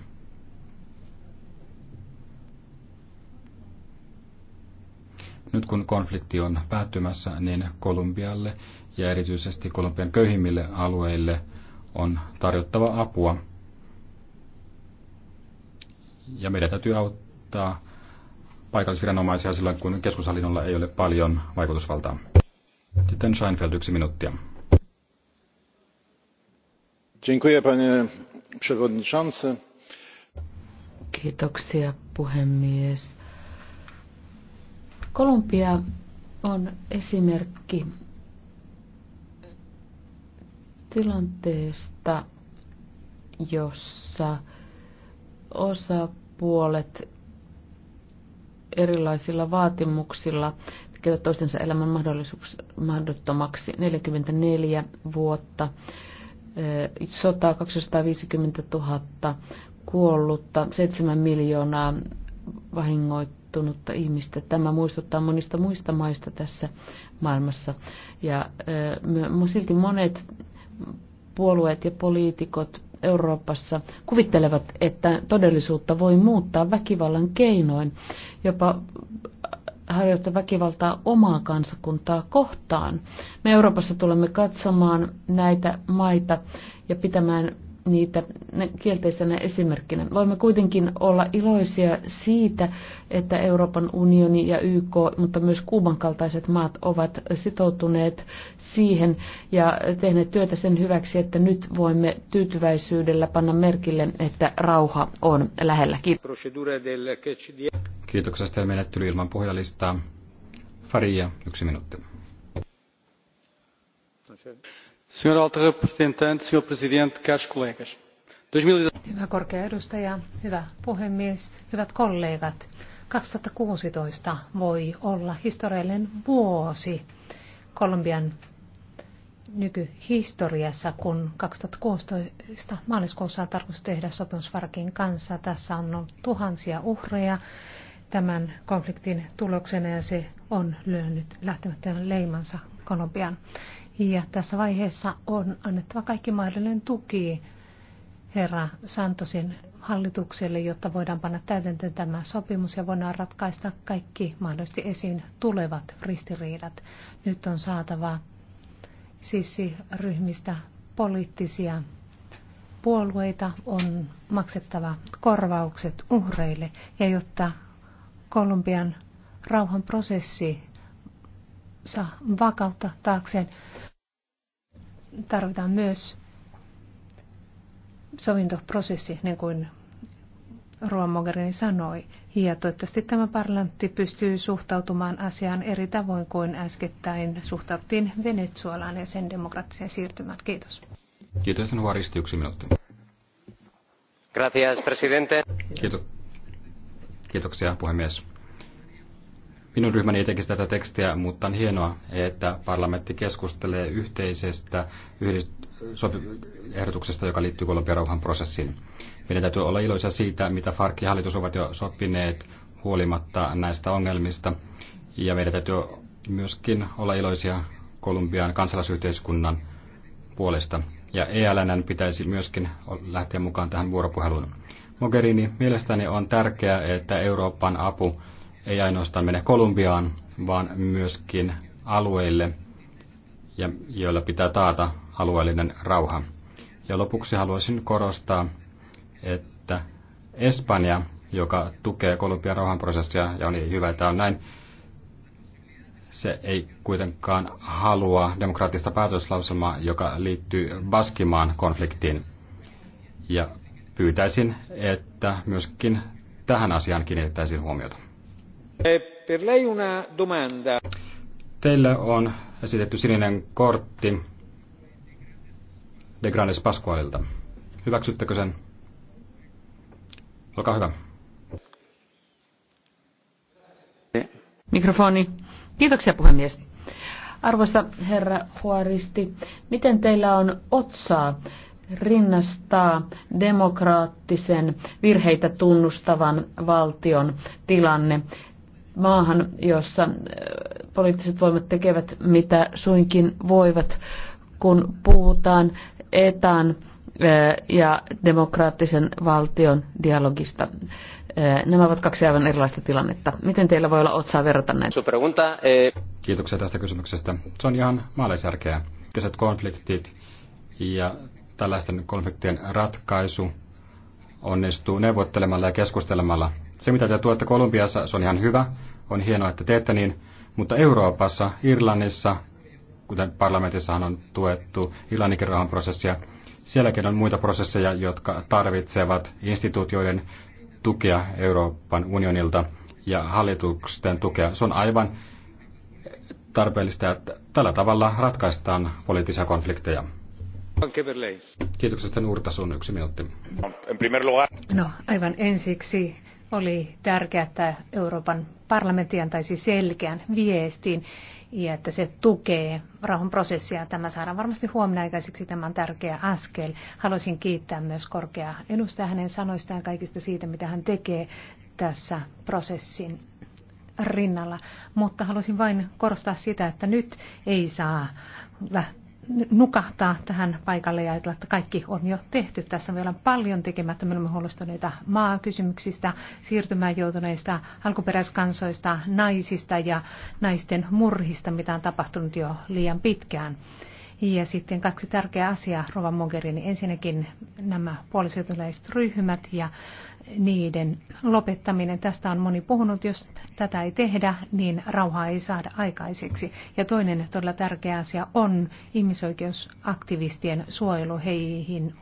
Nyt kun konflikti on päättymässä, niin Kolumbialle ja erityisesti Kolumbian köyhimmille alueille on tarjottava apua. Ja meidän täytyy auttaa paikallisviranomaisia silloin, kun keskushallinnolla ei ole paljon vaikutusvaltaa. Sitten Scheinfeld yksi minuuttia. Dziękuję, panie przewodniczący. Kiitoksia, puhemies. Kolumbia on esimerkki tilanteesta, jossa osapuolet erilaisilla vaatimuksilla tekevät toistensa elämän mahdottomaksi 44 vuotta. Eh, sotaa 250 000 kuollutta, 7 miljoonaa vahingoittunutta ihmistä. Tämä muistuttaa monista muista maista tässä maailmassa. Ja eh, silti monet puolueet ja poliitikot Euroopassa kuvittelevat, että todellisuutta voi muuttaa väkivallan keinoin, jopa harjoittaa väkivaltaa omaa kansakuntaa kohtaan. Me Euroopassa tulemme katsomaan näitä maita ja pitämään niitä kielteisenä esimerkkinä. Voimme kuitenkin olla iloisia siitä, että Euroopan unioni ja YK, mutta myös Kuuban kaltaiset maat ovat sitoutuneet siihen ja tehneet työtä sen hyväksi, että nyt voimme tyytyväisyydellä panna merkille, että rauha on lähellä. Kiitos. Kiitoksesta ja menettely ilman puhujalistaa. Faria, yksi minuutti. No Senhora alta representante, senhor presidente, caros colegas. E hyvä korkea edustaja, hyvä puhemies, hyvät kollegat. 2016 voi olla historiallinen vuosi Kolumbian nykyhistoriassa, kun 2016 maaliskuussa on tarkoitus tehdä sopimus Farkin kanssa. Tässä on ollut tuhansia uhreja tämän konfliktin tuloksena ja se on lyönyt lähtemättömän leimansa Kolumbian. Ja tässä vaiheessa on annettava kaikki mahdollinen tuki herra Santosin hallitukselle, jotta voidaan panna täytäntöön tämä sopimus ja voidaan ratkaista kaikki mahdollisesti esiin tulevat ristiriidat. Nyt on saatava sissiryhmistä poliittisia puolueita, on maksettava korvaukset uhreille ja jotta Kolumbian rauhanprosessi saa vakautta taakseen. Tarvitaan myös sovintoprosessi, niin kuin Ruan Mogherini sanoi, ja toivottavasti tämä parlamentti pystyy suhtautumaan asiaan eri tavoin kuin äskettäin suhtauttiin Venezuelaan ja sen demokraattiseen siirtymään. Kiitos. Kiitos, sen varisti yksi minuutti. Gracias, presidente. Kiitos. Kiitoksia, puhemies. Minun ryhmäni ei tekisi tätä tekstiä, mutta on hienoa, että parlamentti keskustelee yhteisestä yhdist- sopi- ehdotuksesta, joka liittyy Kolumbian prosessiin. Meidän täytyy olla iloisia siitä, mitä FARC ja hallitus ovat jo sopineet huolimatta näistä ongelmista. Ja meidän täytyy myöskin olla iloisia Kolumbian kansalaisyhteiskunnan puolesta. Ja ELN pitäisi myöskin lähteä mukaan tähän vuoropuheluun. Mogherini, mielestäni on tärkeää, että Euroopan apu ei ainoastaan mene Kolumbiaan, vaan myöskin alueille, ja joilla pitää taata alueellinen rauha. Ja lopuksi haluaisin korostaa, että Espanja, joka tukee Kolumbian rauhanprosessia, ja on niin hyvä, että on näin, se ei kuitenkaan halua demokraattista päätöslauselmaa, joka liittyy Baskimaan konfliktiin. Ja pyytäisin, että myöskin tähän asiaan kiinnitettäisiin huomiota. Eh, per lei una domanda. on esitetty sininen kortti De Grandes Pasqualilta. Hyväksyttekö sen? Olkaa hyvä. Mikrofoni. Kiitoksia puhemies. Arvoisa herra Huaristi, miten teillä on otsaa rinnastaa demokraattisen virheitä tunnustavan valtion tilanne maahan, jossa äh, poliittiset voimat tekevät mitä suinkin voivat, kun puhutaan etan äh, ja demokraattisen valtion dialogista. Äh, nämä ovat kaksi aivan erilaista tilannetta. Miten teillä voi olla otsaa verrata näitä? Eh, Kiitoksia tästä kysymyksestä. Se on ihan maalaisjärkeä. Kyseiset konfliktit ja tällaisten konfliktien ratkaisu onnistuu neuvottelemalla ja keskustelemalla se, mitä te tuotte Kolumbiassa, se on ihan hyvä. On hienoa, että teette niin. Mutta Euroopassa, Irlannissa, kuten parlamentissahan on tuettu Irlannikin prosessia, sielläkin on muita prosesseja, jotka tarvitsevat instituutioiden tukea Euroopan unionilta ja hallituksen tukea. Se on aivan tarpeellista, että tällä tavalla ratkaistaan poliittisia konflikteja. Kiitoksia sitten Urta sun yksi minuutti. No, aivan ensiksi oli tärkeää, että Euroopan parlamentti antaisi selkeän viestin ja että se tukee rauhanprosessia. Tämä saadaan varmasti huomenna aikaiseksi. Tämä on tärkeä askel. Haluaisin kiittää myös korkeaa edustaja hänen sanoistaan kaikista siitä, mitä hän tekee tässä prosessin rinnalla. Mutta haluaisin vain korostaa sitä, että nyt ei saa lähteä nukahtaa tähän paikalle ja ajatella, että kaikki on jo tehty. Tässä on vielä paljon tekemättä. Me olemme huolestuneita maakysymyksistä, siirtymään joutuneista alkuperäiskansoista, naisista ja naisten murhista, mitä on tapahtunut jo liian pitkään. Ja sitten kaksi tärkeää asiaa, Rova Mogherini. Ensinnäkin nämä puolisotilaiset ryhmät ja niiden lopettaminen. Tästä on moni puhunut, jos tätä ei tehdä, niin rauhaa ei saada aikaiseksi. Ja toinen todella tärkeä asia on ihmisoikeusaktivistien suojelu heihin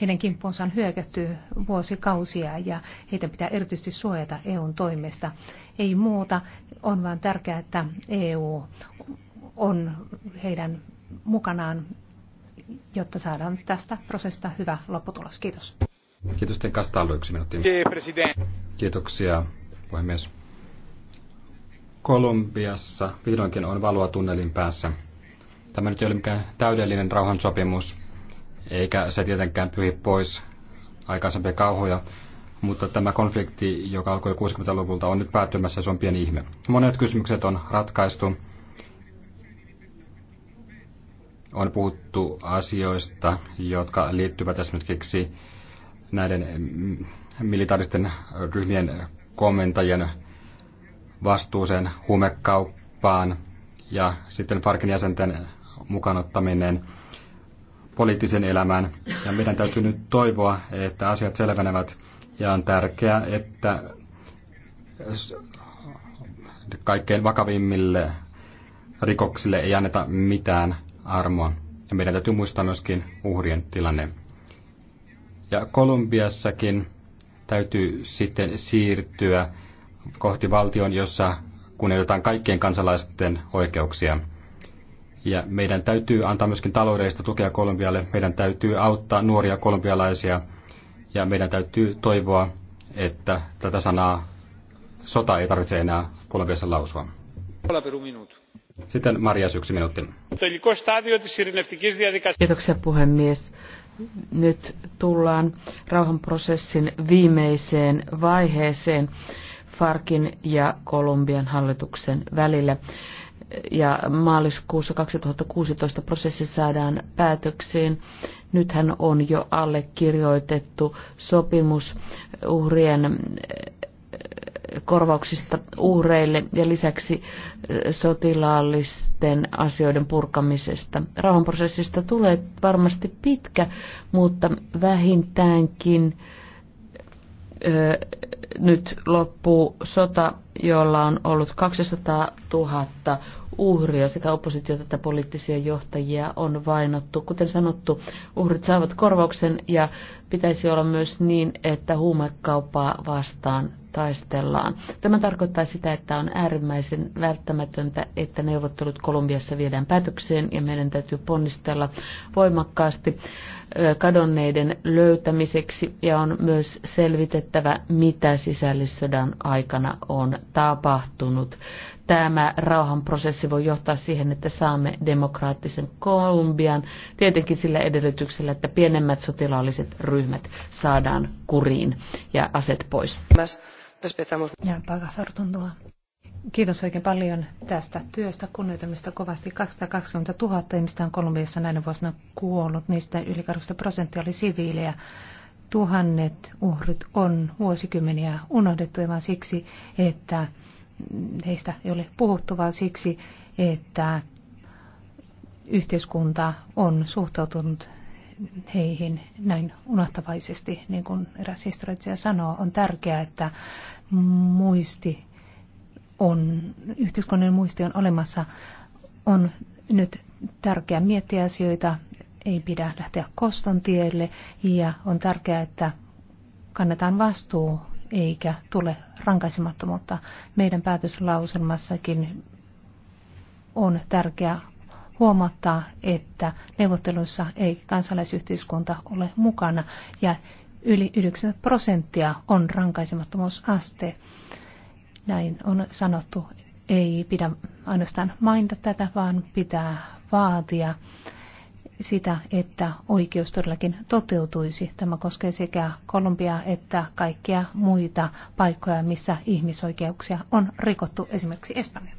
heidän kimppuunsa on hyökätty vuosikausia ja heitä pitää erityisesti suojata EUn toimesta. Ei muuta, on vain tärkeää, että EU on heidän mukanaan, jotta saadaan tästä prosessista hyvä lopputulos. Kiitos. Kiitos teidän Castaldo yksi minuutti. Kiitoksia, puhemies. Kolumbiassa vihdoinkin on valoa tunnelin päässä. Tämä nyt ei ole mikään täydellinen rauhansopimus, eikä se tietenkään pyhi pois aikaisempia kauhoja, mutta tämä konflikti, joka alkoi 60-luvulta, on nyt päättymässä ja se on pieni ihme. Monet kysymykset on ratkaistu. On puhuttu asioista, jotka liittyvät esimerkiksi näiden mm, militaaristen ryhmien komentajien vastuuseen, huumekauppaan ja sitten Farkin jäsenten mukanottaminen poliittisen elämään. Ja meidän täytyy nyt toivoa, että asiat selvenevät ja on tärkeää, että kaikkein vakavimmille rikoksille ei anneta mitään armoa. Ja meidän täytyy muistaa myöskin uhrien tilanne. Ja Kolumbiassakin täytyy sitten siirtyä kohti valtion, jossa kunnioitetaan kaikkien kansalaisten oikeuksia. Ja meidän täytyy antaa myöskin taloudellista tukea Kolumbialle, meidän täytyy auttaa nuoria kolumbialaisia ja meidän täytyy toivoa, että tätä sanaa sota ei tarvitse enää Kolumbiassa lausua. Sitten Maria yksi minuutti. Kiitoksia puhemies nyt tullaan rauhanprosessin viimeiseen vaiheeseen Farkin ja Kolumbian hallituksen välillä. Ja maaliskuussa 2016 prosessi saadaan päätöksiin. Nythän on jo allekirjoitettu sopimus uhrien korvauksista uhreille ja lisäksi sotilaallisten asioiden purkamisesta. Rauhanprosessista tulee varmasti pitkä, mutta vähintäänkin ö, nyt loppuu sota, jolla on ollut 200 000 uhria sekä oppositiota että poliittisia johtajia on vainottu. Kuten sanottu, uhrit saavat korvauksen ja pitäisi olla myös niin, että huumekauppaa vastaan taistellaan. Tämä tarkoittaa sitä, että on äärimmäisen välttämätöntä, että neuvottelut Kolumbiassa viedään päätökseen ja meidän täytyy ponnistella voimakkaasti kadonneiden löytämiseksi ja on myös selvitettävä, mitä sisällissodan aikana on tapahtunut. Tämä rauhanprosessi voi johtaa siihen, että saamme demokraattisen Kolumbian, tietenkin sillä edellytyksellä, että pienemmät sotilaalliset ryhmät saadaan kuriin ja aset pois. Respetamos. Ja Kiitos oikein paljon tästä työstä, kunnioitamista kovasti. 220 000 ihmistä on Kolumbiassa näinä vuosina kuollut, niistä yli 20 prosenttia oli siviilejä. Tuhannet uhrit on vuosikymmeniä unohdettu vain siksi, että heistä ei ole puhuttu, vaan siksi, että yhteiskunta on suhtautunut heihin näin unohtavaisesti, niin kuin eräs historiatsija sanoo, on tärkeää, että muisti on, yhteiskunnan muisti on olemassa, on nyt tärkeää miettiä asioita, ei pidä lähteä koston tielle ja on tärkeää, että kannetaan vastuu eikä tule rankaisemattomuutta. Meidän päätöslauselmassakin on tärkeää huomauttaa, että neuvotteluissa ei kansalaisyhteiskunta ole mukana ja yli 90 prosenttia on rankaisemattomuusaste. Näin on sanottu. Ei pidä ainoastaan mainita tätä, vaan pitää vaatia sitä, että oikeus todellakin toteutuisi. Tämä koskee sekä Kolumbiaa että kaikkia muita paikkoja, missä ihmisoikeuksia on rikottu, esimerkiksi Espanja.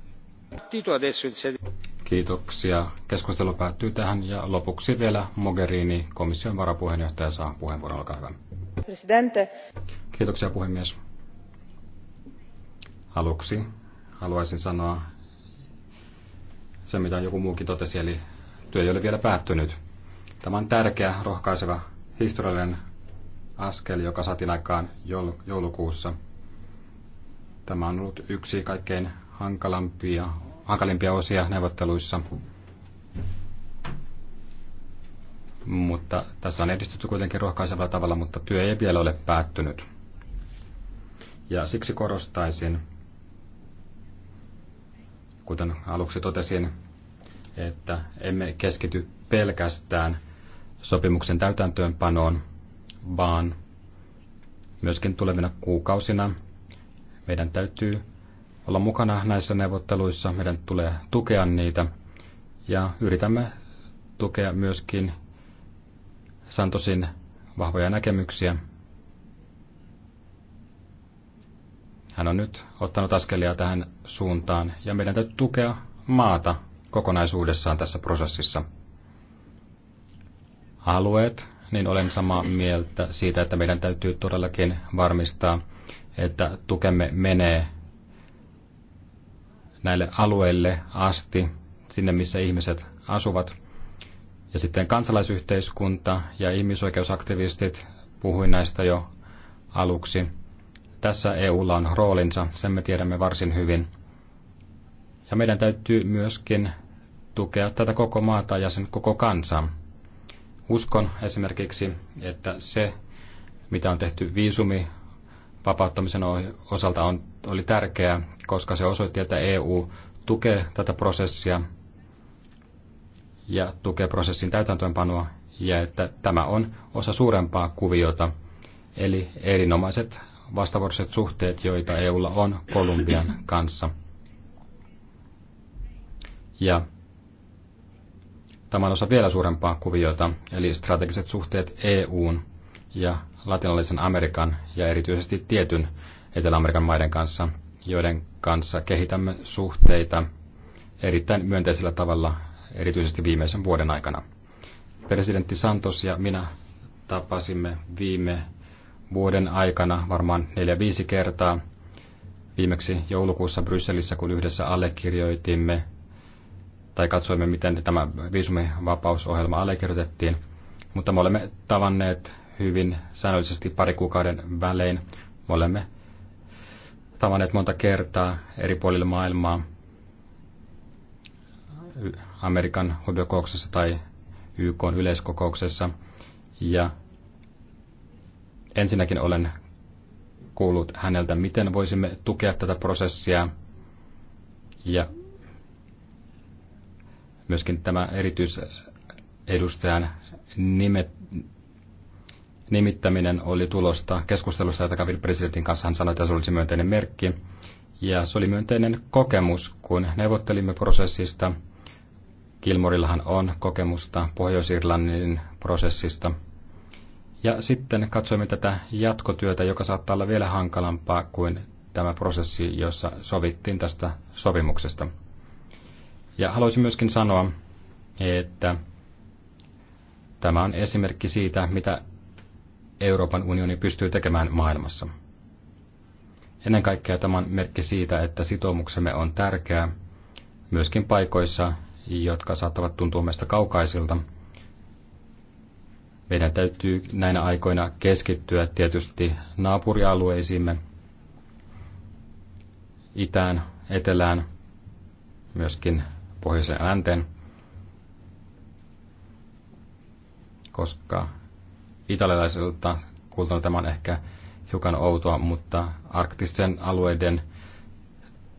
Kiitoksia. Keskustelu päättyy tähän ja lopuksi vielä Mogherini, komission varapuheenjohtaja, saa puheenvuoron. Olkaa hyvä. Presidente. Kiitoksia puhemies. Aluksi haluaisin sanoa se, mitä joku muukin totesi, eli työ ei ole vielä päättynyt. Tämä on tärkeä, rohkaiseva, historiallinen askel, joka saatiin aikaan joulukuussa. Tämä on ollut yksi kaikkein hankalampia hankalimpia osia neuvotteluissa. Mutta tässä on edistytty kuitenkin rohkaisevalla tavalla, mutta työ ei vielä ole päättynyt. Ja siksi korostaisin, kuten aluksi totesin, että emme keskity pelkästään sopimuksen täytäntöönpanoon, vaan myöskin tulevina kuukausina meidän täytyy olla mukana näissä neuvotteluissa, meidän tulee tukea niitä ja yritämme tukea myöskin Santosin vahvoja näkemyksiä. Hän on nyt ottanut askelia tähän suuntaan ja meidän täytyy tukea maata kokonaisuudessaan tässä prosessissa. Alueet, niin olen samaa mieltä siitä, että meidän täytyy todellakin varmistaa, että tukemme menee näille alueille asti, sinne missä ihmiset asuvat. Ja sitten kansalaisyhteiskunta ja ihmisoikeusaktivistit, puhuin näistä jo aluksi. Tässä EUlla on roolinsa, sen me tiedämme varsin hyvin. Ja meidän täytyy myöskin tukea tätä koko maata ja sen koko kansaa. Uskon esimerkiksi, että se, mitä on tehty viisumi vapauttamisen osalta on, oli tärkeää, koska se osoitti, että EU tukee tätä prosessia ja tukee prosessin täytäntöönpanoa ja että tämä on osa suurempaa kuviota, eli erinomaiset vastavuoroiset suhteet, joita EUlla on Kolumbian kanssa. Ja tämä on osa vielä suurempaa kuviota, eli strategiset suhteet EUn ja latinalaisen Amerikan ja erityisesti tietyn Etelä-Amerikan maiden kanssa, joiden kanssa kehitämme suhteita erittäin myönteisellä tavalla, erityisesti viimeisen vuoden aikana. Presidentti Santos ja minä tapasimme viime vuoden aikana varmaan neljä viisi kertaa. Viimeksi joulukuussa Brysselissä, kun yhdessä allekirjoitimme tai katsoimme, miten tämä viisumivapausohjelma allekirjoitettiin. Mutta me olemme tavanneet hyvin säännöllisesti pari kuukauden välein. Me olemme tavanneet monta kertaa eri puolilla maailmaa Amerikan huippukokouksessa tai YK yleiskokouksessa. Ja ensinnäkin olen kuullut häneltä, miten voisimme tukea tätä prosessia ja myöskin tämä erityisedustajan nimet, nimittäminen oli tulosta keskustelusta, jota kävi presidentin kanssa. Hän sanoi, että se olisi myönteinen merkki. Ja se oli myönteinen kokemus, kun neuvottelimme prosessista. Kilmorillahan on kokemusta Pohjois-Irlannin prosessista. Ja sitten katsoimme tätä jatkotyötä, joka saattaa olla vielä hankalampaa kuin tämä prosessi, jossa sovittiin tästä sopimuksesta. Ja haluaisin myöskin sanoa, että tämä on esimerkki siitä, mitä Euroopan unioni pystyy tekemään maailmassa. Ennen kaikkea tämä on merkki siitä, että sitoumuksemme on tärkeää myöskin paikoissa, jotka saattavat tuntua meistä kaukaisilta. Meidän täytyy näinä aikoina keskittyä tietysti naapurialueisiimme, itään, etelään, myöskin pohjoiseen länteen, koska italialaisilta kuultuna tämä on ehkä hiukan outoa, mutta arktisten alueiden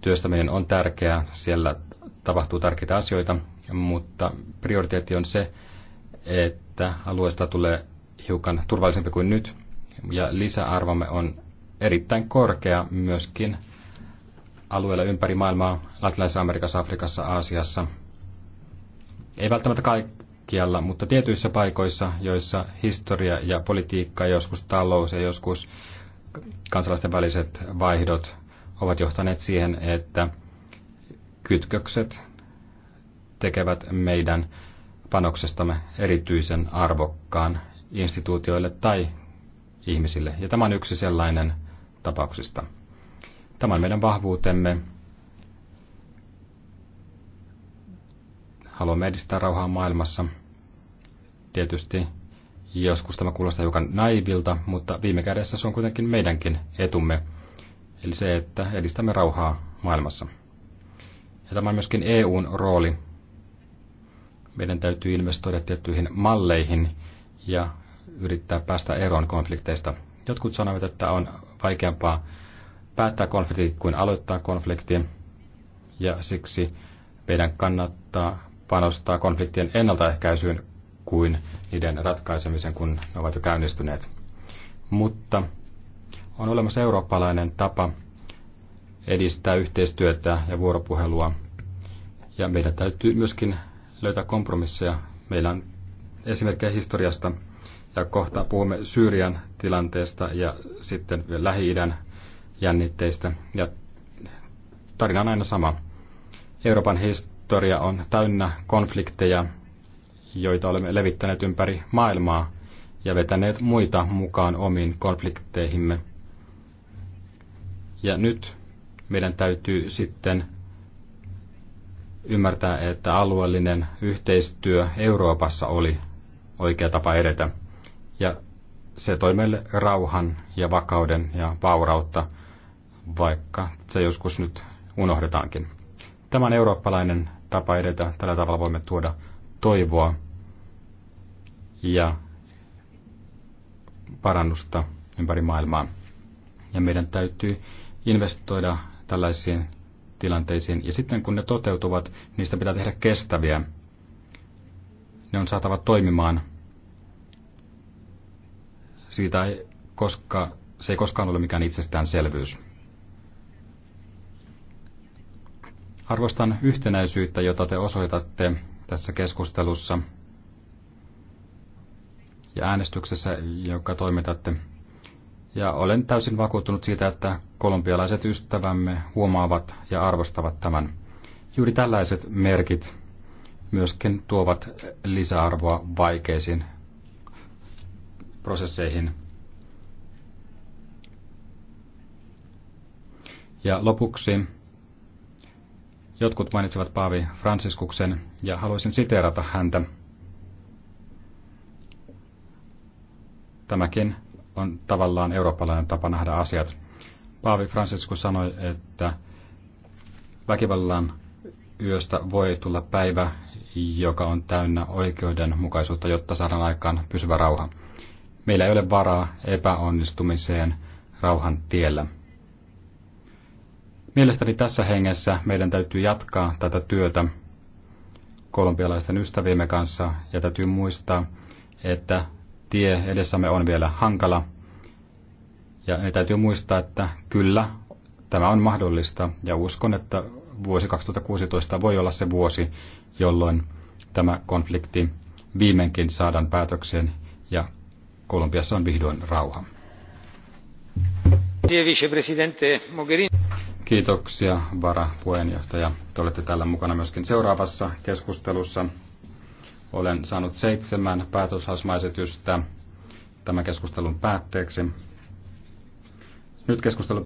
työstäminen on tärkeää. Siellä tapahtuu tärkeitä asioita, mutta prioriteetti on se, että alueesta tulee hiukan turvallisempi kuin nyt. Ja lisäarvomme on erittäin korkea myöskin alueella ympäri maailmaa, Latinalaisessa Amerikassa, Afrikassa, Aasiassa. Ei välttämättä kaik- kaikkialla, mutta tietyissä paikoissa, joissa historia ja politiikka, joskus talous ja joskus kansalaisten väliset vaihdot ovat johtaneet siihen, että kytkökset tekevät meidän panoksestamme erityisen arvokkaan instituutioille tai ihmisille. Ja tämä on yksi sellainen tapauksista. Tämä on meidän vahvuutemme haluamme edistää rauhaa maailmassa. Tietysti joskus tämä kuulostaa hiukan naivilta, mutta viime kädessä se on kuitenkin meidänkin etumme, eli se, että edistämme rauhaa maailmassa. Ja tämä on myöskin EUn rooli. Meidän täytyy investoida tiettyihin malleihin ja yrittää päästä eroon konflikteista. Jotkut sanovat, että on vaikeampaa päättää konflikti kuin aloittaa konflikti, ja siksi meidän kannattaa panostaa konfliktien ennaltaehkäisyyn kuin niiden ratkaisemisen, kun ne ovat jo käynnistyneet. Mutta on olemassa eurooppalainen tapa edistää yhteistyötä ja vuoropuhelua. Ja meidän täytyy myöskin löytää kompromisseja. Meillä on esimerkkejä historiasta ja kohta puhumme Syyrian tilanteesta ja sitten Lähi-idän jännitteistä. Ja tarina on aina sama. Euroopan historia historia on täynnä konflikteja, joita olemme levittäneet ympäri maailmaa ja vetäneet muita mukaan omiin konflikteihimme. Ja nyt meidän täytyy sitten ymmärtää, että alueellinen yhteistyö Euroopassa oli oikea tapa edetä. Ja se toi meille rauhan ja vakauden ja vaurautta, vaikka se joskus nyt unohdetaankin. Tämä on eurooppalainen tapa edetä. Tällä tavalla voimme tuoda toivoa ja parannusta ympäri maailmaa. Ja meidän täytyy investoida tällaisiin tilanteisiin. Ja sitten kun ne toteutuvat, niistä pitää tehdä kestäviä. Ne on saatava toimimaan. Siitä ei koska, se ei koskaan ole mikään itsestäänselvyys. Arvostan yhtenäisyyttä, jota te osoitatte tässä keskustelussa ja äänestyksessä, joka toimitatte. Ja olen täysin vakuuttunut siitä, että kolumbialaiset ystävämme huomaavat ja arvostavat tämän. Juuri tällaiset merkit myöskin tuovat lisäarvoa vaikeisiin prosesseihin. Ja lopuksi Jotkut mainitsivat Paavi Fransiskuksen ja haluaisin siteerata häntä. Tämäkin on tavallaan eurooppalainen tapa nähdä asiat. Paavi Franciscus sanoi, että väkivallan yöstä voi tulla päivä, joka on täynnä oikeudenmukaisuutta, jotta saadaan aikaan pysyvä rauha. Meillä ei ole varaa epäonnistumiseen rauhan tiellä. Mielestäni tässä hengessä meidän täytyy jatkaa tätä työtä kolumbialaisten ystäviemme kanssa ja täytyy muistaa, että tie edessämme on vielä hankala. Ja me täytyy muistaa, että kyllä tämä on mahdollista ja uskon, että vuosi 2016 voi olla se vuosi, jolloin tämä konflikti viimeinkin saadaan päätökseen ja Kolumbiassa on vihdoin rauha. Vicepresidente Mogherini. Kiitoksia, varapuheenjohtaja. Te olette täällä mukana myöskin seuraavassa keskustelussa. Olen saanut seitsemän päätöshasmaisetystä tämän keskustelun päätteeksi. Nyt keskustelu